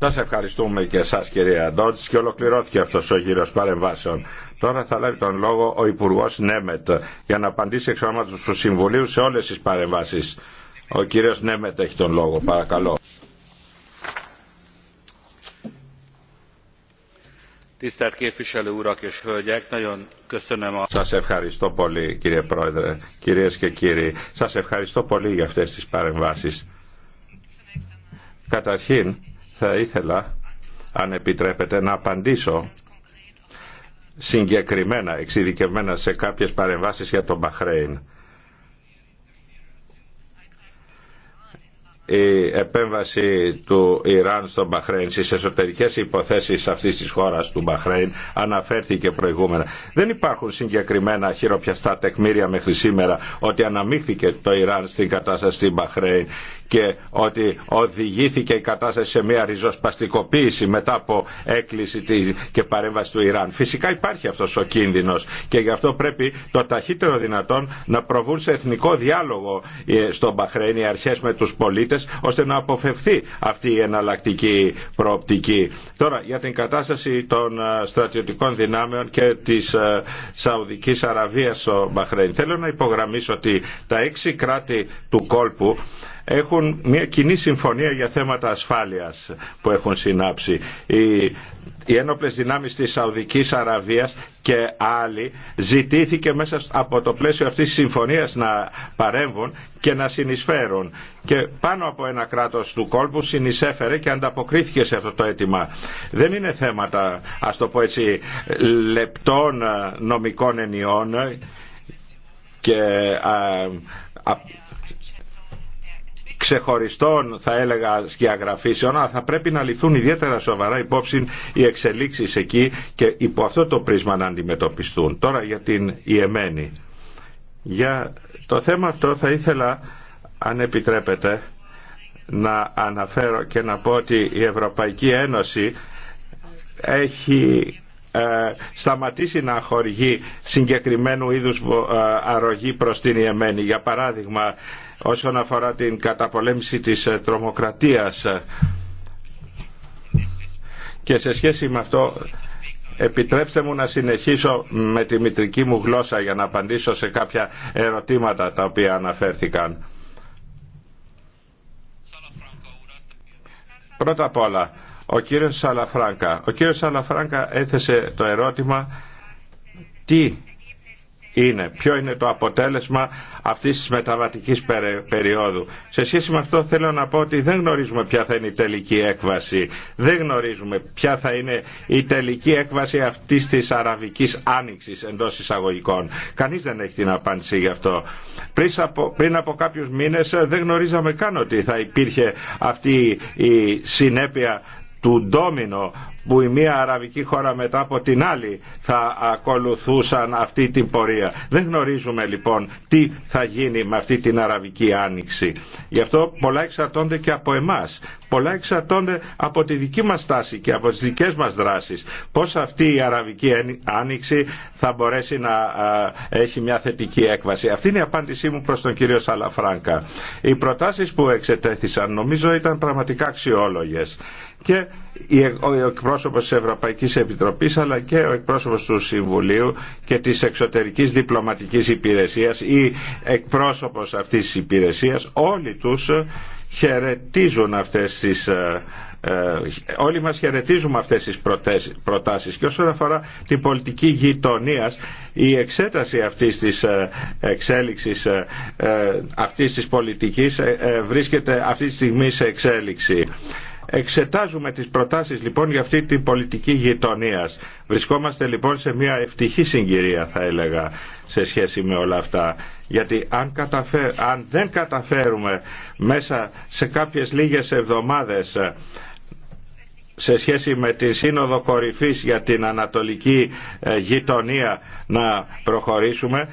σας ευχαριστούμε και εσάς κυρία Ντότς και ολοκληρώθηκε αυτός ο γύρος παρεμβάσεων. Τώρα θα λάβει τον λόγο ο Υπουργός Νέμετ για να απαντήσει εξ ονόματος του Συμβουλίου σε όλες τις παρεμβάσεις. Ο κύριος Νέμετ έχει τον λόγο, παρακαλώ. Σας ευχαριστώ πολύ κύριε Πρόεδρε, κυρίες και κύριοι. Σας ευχαριστώ πολύ για αυτές τις παρεμβάσεις. Καταρχήν, θα ήθελα, αν επιτρέπετε, να απαντήσω συγκεκριμένα, εξειδικευμένα σε κάποιες παρεμβάσεις για τον Μπαχρέιν. η επέμβαση του Ιράν στον Μπαχρέιν στις εσωτερικές υποθέσεις αυτής της χώρας του Μπαχρέιν αναφέρθηκε προηγούμενα. Δεν υπάρχουν συγκεκριμένα χειροπιαστά τεκμήρια μέχρι σήμερα ότι αναμίχθηκε το Ιράν στην κατάσταση στην Μπαχρέιν και ότι οδηγήθηκε η κατάσταση σε μια ριζοσπαστικοποίηση μετά από έκκληση και παρέμβαση του Ιράν. Φυσικά υπάρχει αυτός ο κίνδυνος και γι' αυτό πρέπει το ταχύτερο δυνατόν να προβούν σε εθνικό διάλογο ε, στον Μπαχρέν οι αρχές με τους πολίτες ώστε να αποφευθεί αυτή η εναλλακτική προοπτική. Τώρα για την κατάσταση των ε, στρατιωτικών δυνάμεων και της ε, Σαουδικής Αραβίας στο Μπαχρέν. Θέλω να υπογραμμίσω ότι τα έξι κράτη του κόλπου έχουν μια κοινή συμφωνία για θέματα ασφάλειας που έχουν συνάψει. Οι, οι ένοπλες δυνάμεις της Σαουδικής Αραβίας και άλλοι ζητήθηκε μέσα από το πλαίσιο αυτής της συμφωνίας να παρέμβουν και να συνεισφέρουν. Και πάνω από ένα κράτος του κόλπου συνεισέφερε και ανταποκρίθηκε σε αυτό το αίτημα. Δεν είναι θέματα, ας το πω έτσι, λεπτών ε, νομικών ενιών και ξεχωριστών θα έλεγα σκιαγραφήσεων αλλά θα πρέπει να λυθούν ιδιαίτερα σοβαρά υπόψη οι εξελίξεις εκεί και υπό αυτό το πρίσμα να αντιμετωπιστούν. Τώρα για την Ιεμένη. Για το θέμα αυτό θα ήθελα αν επιτρέπετε να αναφέρω και να πω ότι η Ευρωπαϊκή Ένωση έχει ε, σταματήσει να χορηγεί συγκεκριμένου είδους ε, αρρωγή προς την Ιεμένη. Για παράδειγμα, όσον αφορά την καταπολέμηση της ε, τρομοκρατίας και σε σχέση με αυτό επιτρέψτε μου να συνεχίσω με τη μητρική μου γλώσσα για να απαντήσω σε κάποια ερωτήματα τα οποία αναφέρθηκαν. Πρώτα απ' όλα, ο κύριος Σαλαφράγκα. Ο κύριος Σαλαφράγκα έθεσε το ερώτημα τι είναι, ποιο είναι το αποτέλεσμα αυτής της μεταβατικής περίοδου. Σε σχέση με αυτό θέλω να πω ότι δεν γνωρίζουμε ποια θα είναι η τελική έκβαση, δεν γνωρίζουμε ποια θα είναι η τελική έκβαση αυτής της αραβικής άνοιξης εντός εισαγωγικών. Κανείς δεν έχει την απάντηση γι' αυτό. Πριν από, πριν από κάποιους μήνες δεν γνωρίζαμε καν ότι θα υπήρχε αυτή η συνέπεια του ντόμινο που η μία αραβική χώρα μετά από την άλλη θα ακολουθούσαν αυτή την πορεία. Δεν γνωρίζουμε λοιπόν τι θα γίνει με αυτή την αραβική άνοιξη. Γι' αυτό πολλά εξαρτώνται και από εμάς. Πολλά εξαρτώνται από τη δική μας στάση και από τις δικές μας δράσεις. Πώς αυτή η αραβική άνοιξη θα μπορέσει να έχει μια θετική έκβαση. Αυτή είναι η απάντησή μου προς τον κύριο Σαλαφράγκα. Οι προτάσεις που εξετέθησαν νομίζω ήταν πραγματικά αξιόλογες και ο εκπρόσωπος της Ευρωπαϊκής Επιτροπής αλλά και ο εκπρόσωπος του Συμβουλίου και της εξωτερικής διπλωματικής υπηρεσίας ή εκπρόσωπος αυτής της υπηρεσίας όλοι τους χαιρετίζουν αυτές τις ε, ε, όλοι μας χαιρετίζουμε αυτές τις προτάσεις και όσον αφορά την πολιτική γειτονίας η εξέταση αυτής της ε, εξέλιξης αυτής της πολιτικής βρίσκεται αυτή τη στιγμή σε εξέλιξη Εξετάζουμε τις προτάσεις λοιπόν για αυτή την πολιτική γειτονίας. Βρισκόμαστε λοιπόν σε μια ευτυχή συγκυρία θα έλεγα σε σχέση με όλα αυτά. Γιατί αν, δεν καταφέρουμε μέσα σε κάποιες λίγες εβδομάδες σε σχέση με την Σύνοδο Κορυφής για την Ανατολική ε, Γειτονία να προχωρήσουμε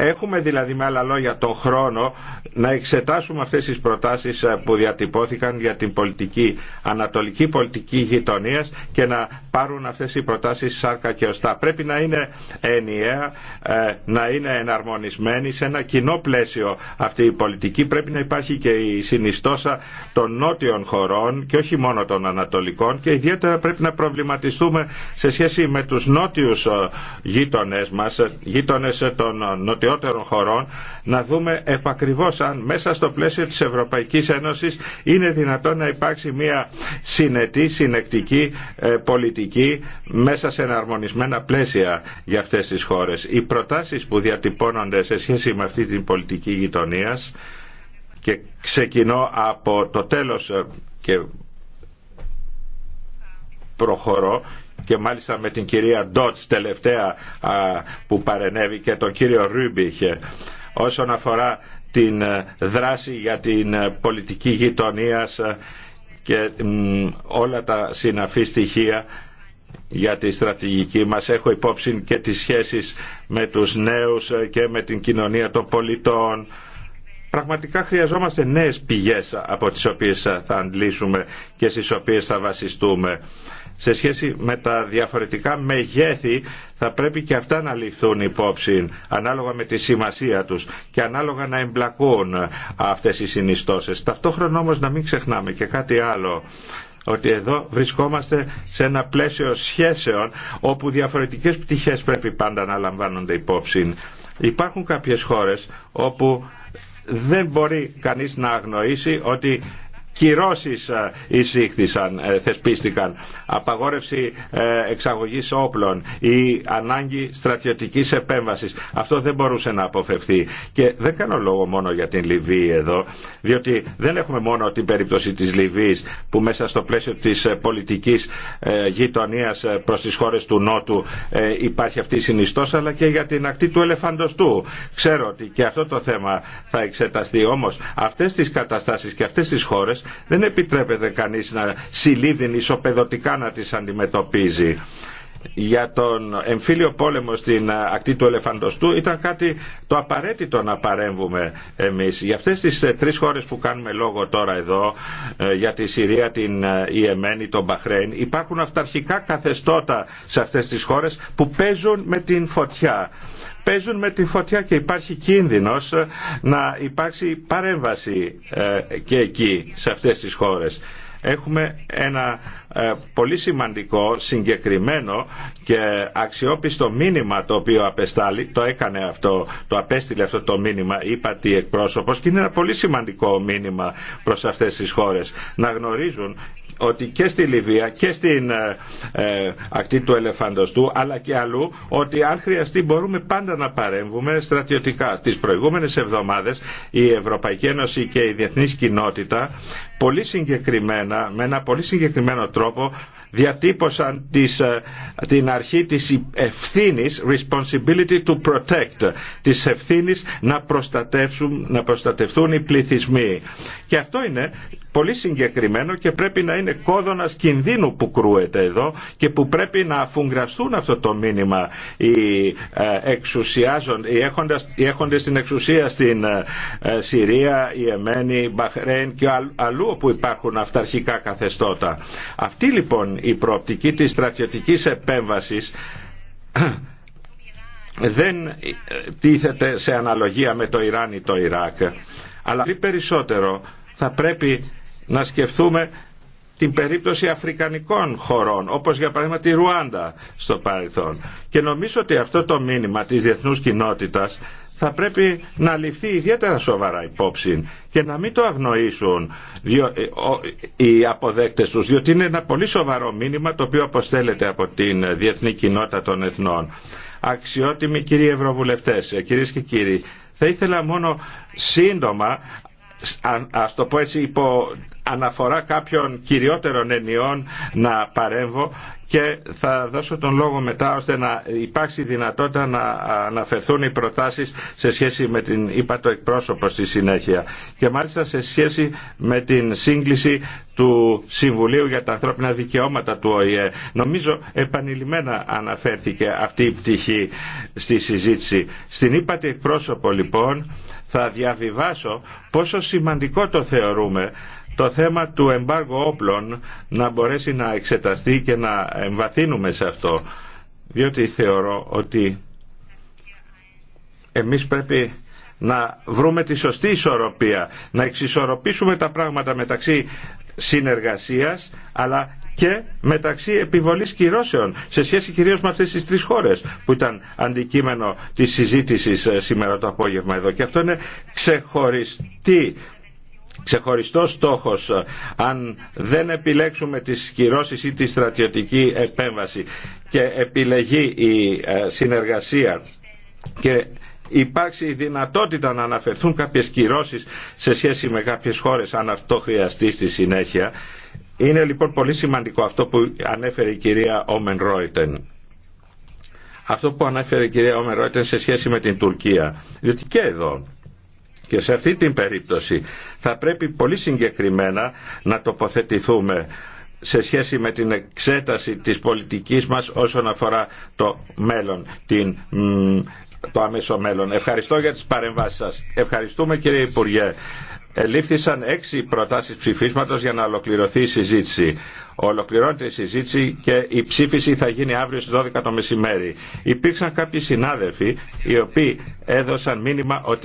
Έχουμε δηλαδή με άλλα λόγια τον χρόνο να εξετάσουμε αυτές τις προτάσεις ε, που διατυπώθηκαν για την πολιτική, ανατολική πολιτική γειτονία και να πάρουν αυτές οι προτάσεις σάρκα και ωστά. Πρέπει να είναι ενιαία, ε, να είναι εναρμονισμένη σε ένα κοινό πλαίσιο αυτή η πολιτική. Πρέπει να υπάρχει και η συνιστόσα των νότιων χωρών και όχι μόνο των ανατολικών και ιδιαίτερα πρέπει να προβληματιστούμε σε σχέση με τους νότιους ε, γείτονες μας, γείτονες των νοτιών χωρών να δούμε επακριβώς αν μέσα στο πλαίσιο της Ευρωπαϊκής Ένωσης είναι δυνατόν να υπάρξει μια συνετή, συνεκτική ε, πολιτική μέσα σε εναρμονισμένα πλαίσια για αυτές τις χώρες. Οι προτάσεις που διατυπώνονται σε σχέση με αυτή την πολιτική γειτονίας και ξεκινώ από το τέλος ε, και προχωρώ και μάλιστα με την κυρία Ντότς τελευταία που παρενέβη και τον κύριο Ρούμπιχε. όσον αφορά την ε, δράση για την ε, πολιτική γειτονία ε, και όλα τα συναφή στοιχεία για τη στρατηγική μας. Έχω υπόψη και τις σχέσεις με τους νέους και με την κοινωνία των πολιτών. Πραγματικά χρειαζόμαστε νέες πηγές από τις οποίες θα αντλήσουμε και στις οποίες θα βασιστούμε σε σχέση με τα διαφορετικά μεγέθη θα πρέπει και αυτά να ληφθούν υπόψη ανάλογα με τη σημασία τους και ανάλογα να εμπλακούν αυτές οι συνιστώσεις. Ταυτόχρονα όμως να μην ξεχνάμε και κάτι άλλο ότι εδώ βρισκόμαστε σε ένα πλαίσιο σχέσεων όπου διαφορετικές πτυχές πρέπει πάντα να λαμβάνονται υπόψη. Υπάρχουν κάποιες χώρες όπου δεν μπορεί κανείς να αγνοήσει ότι Κυρώσεις ε, εισήχθησαν, ε, θεσπίστηκαν. Απαγόρευση ε, εξαγωγής όπλων ή ανάγκη στρατιωτικής επέμβασης. Αυτό δεν μπορούσε να αποφευθεί. Και δεν κάνω λόγο μόνο για την Λιβύη εδώ, διότι δεν έχουμε μόνο την περίπτωση της Λιβύης που μέσα στο πλαίσιο της πολιτικής γειτονίας προς τις χώρες του Νότου υπάρχει αυτή η συνιστόσα, αλλά και για την ακτή του ελεφαντοστού. Ξέρω ότι και αυτό το θέμα θα εξεταστεί, όμως αυτές τις καταστάσεις και αυτές τις χώρες δεν επιτρέπεται κανείς να συλλήβδιν ισοπεδωτικά να τις αντιμετωπίζει για τον εμφύλιο πόλεμο στην ακτή του Ελεφαντοστού ήταν κάτι το απαραίτητο να παρέμβουμε εμείς. Για αυτές τις ε, τρεις χώρες που κάνουμε λόγο τώρα εδώ, ε, για τη Συρία, την Ιεμένη, ε, τον Μπαχρέν υπάρχουν αυταρχικά καθεστώτα σε αυτές τις χώρες που παίζουν με την φωτιά παίζουν με τη φωτιά και υπάρχει κίνδυνος να υπάρξει παρέμβαση και εκεί σε αυτές τις χώρες. Έχουμε ένα ε, πολύ σημαντικό, συγκεκριμένο και αξιόπιστο μήνυμα το οποίο απεστάλλει, το έκανε αυτό, το απέστειλε αυτό το μήνυμα, είπα τι εκπρόσωπος και είναι ένα πολύ σημαντικό μήνυμα προς αυτές τις χώρες να γνωρίζουν ότι και στη Λιβύα και στην ε, ε, ακτή του Ελεφαντοστού αλλά και αλλού ότι αν χρειαστεί μπορούμε πάντα να παρέμβουμε στρατιωτικά. Στις προηγούμενες εβδομάδες η Ευρωπαϊκή Ένωση και η διεθνής κοινότητα πολύ συγκεκριμένα, με ένα πολύ συγκεκριμένο τρόπο διατύπωσαν τις, ε, την αρχή της ευθύνης responsibility to protect της ευθύνης να, προστατεύσουν, να προστατευτούν οι πληθυσμοί και αυτό είναι πολύ συγκεκριμένο και πρέπει να είναι κόδωνας κινδύνου που κρούεται εδώ και που πρέπει να αφουγκραστούν αυτό το μήνυμα οι, ε, οι, έχοντας, οι έχοντες την εξουσία στην ε, ε, Συρία, η Εμένη, Μπαχρέν και αλλού όπου υπάρχουν αυταρχικά καθεστώτα. Αυτή λοιπόν η προοπτική της στρατιωτικής επέμβασης [CLEARS THROAT] δεν τίθεται σε αναλογία με το Ιράν ή το Ιράκ. Αλλά πολύ περισσότερο θα πρέπει να σκεφτούμε την περίπτωση αφρικανικών χωρών, όπως για παράδειγμα τη Ρουάντα στο παρελθόν. Και νομίζω ότι αυτό το μήνυμα της διεθνούς κοινότητας θα πρέπει να ληφθεί ιδιαίτερα σοβαρά υπόψη και να μην το αγνοήσουν ε, οι αποδέκτες τους, διότι είναι ένα πολύ σοβαρό μήνυμα το οποίο αποστέλλεται από την Διεθνή Κοινότητα των Εθνών. Αξιότιμοι κύριοι Ευρωβουλευτές, ε, κυρίες και κύριοι, θα ήθελα μόνο σύντομα, α το πω έτσι υπό αναφορά κάποιων κυριότερων ενιών να παρέμβω και θα δώσω τον λόγο μετά ώστε να υπάρξει δυνατότητα να αναφερθούν οι προτάσεις σε σχέση με την είπα το εκπρόσωπο στη συνέχεια και μάλιστα σε σχέση με την σύγκληση του Συμβουλίου για τα Ανθρώπινα Δικαιώματα του ΟΗΕ. Νομίζω επανειλημμένα αναφέρθηκε αυτή η πτυχή στη συζήτηση. Στην είπατε εκπρόσωπο λοιπόν θα διαβιβάσω πόσο σημαντικό το θεωρούμε το θέμα του εμπάργου όπλων να μπορέσει να εξεταστεί και να εμβαθύνουμε σε αυτό διότι θεωρώ ότι εμείς πρέπει να βρούμε τη σωστή ισορροπία, να εξισορροπήσουμε τα πράγματα μεταξύ συνεργασίας αλλά και μεταξύ επιβολής κυρώσεων σε σχέση κυρίως με αυτές τις τρεις χώρες που ήταν αντικείμενο της συζήτησης ε, σήμερα το απόγευμα εδώ και αυτό είναι ξεχωριστή ξεχωριστός στόχος ε, αν δεν επιλέξουμε τις κυρώσεις ή τη στρατιωτική επέμβαση και επιλεγεί η ε, συνεργασία και υπάρξει η δυνατότητα να αναφερθούν κάποιες κυρώσεις σε σχέση με κάποιες χώρες αν αυτό χρειαστεί στη συνέχεια είναι λοιπόν πολύ σημαντικό αυτό που ανέφερε η κυρία Όμεν Ρόιτεν αυτό που ανέφερε η κυρία Όμεν Ρόιτεν σε σχέση με την Τουρκία διότι και εδώ και σε αυτή την περίπτωση θα πρέπει πολύ συγκεκριμένα να τοποθετηθούμε σε σχέση με την εξέταση της πολιτικής μας όσον αφορά το μέλλον, την, το άμεσο μέλλον. Ευχαριστώ για τις παρεμβάσεις σας. Ευχαριστούμε κύριε Υπουργέ. Ελήφθησαν έξι προτάσεις ψηφίσματος για να ολοκληρωθεί η συζήτηση. Ολοκληρώνεται η συζήτηση και η ψήφιση θα γίνει αύριο στις 12 το μεσημέρι. Υπήρξαν κάποιοι συνάδελφοι οι οποίοι έδωσαν μήνυμα ότι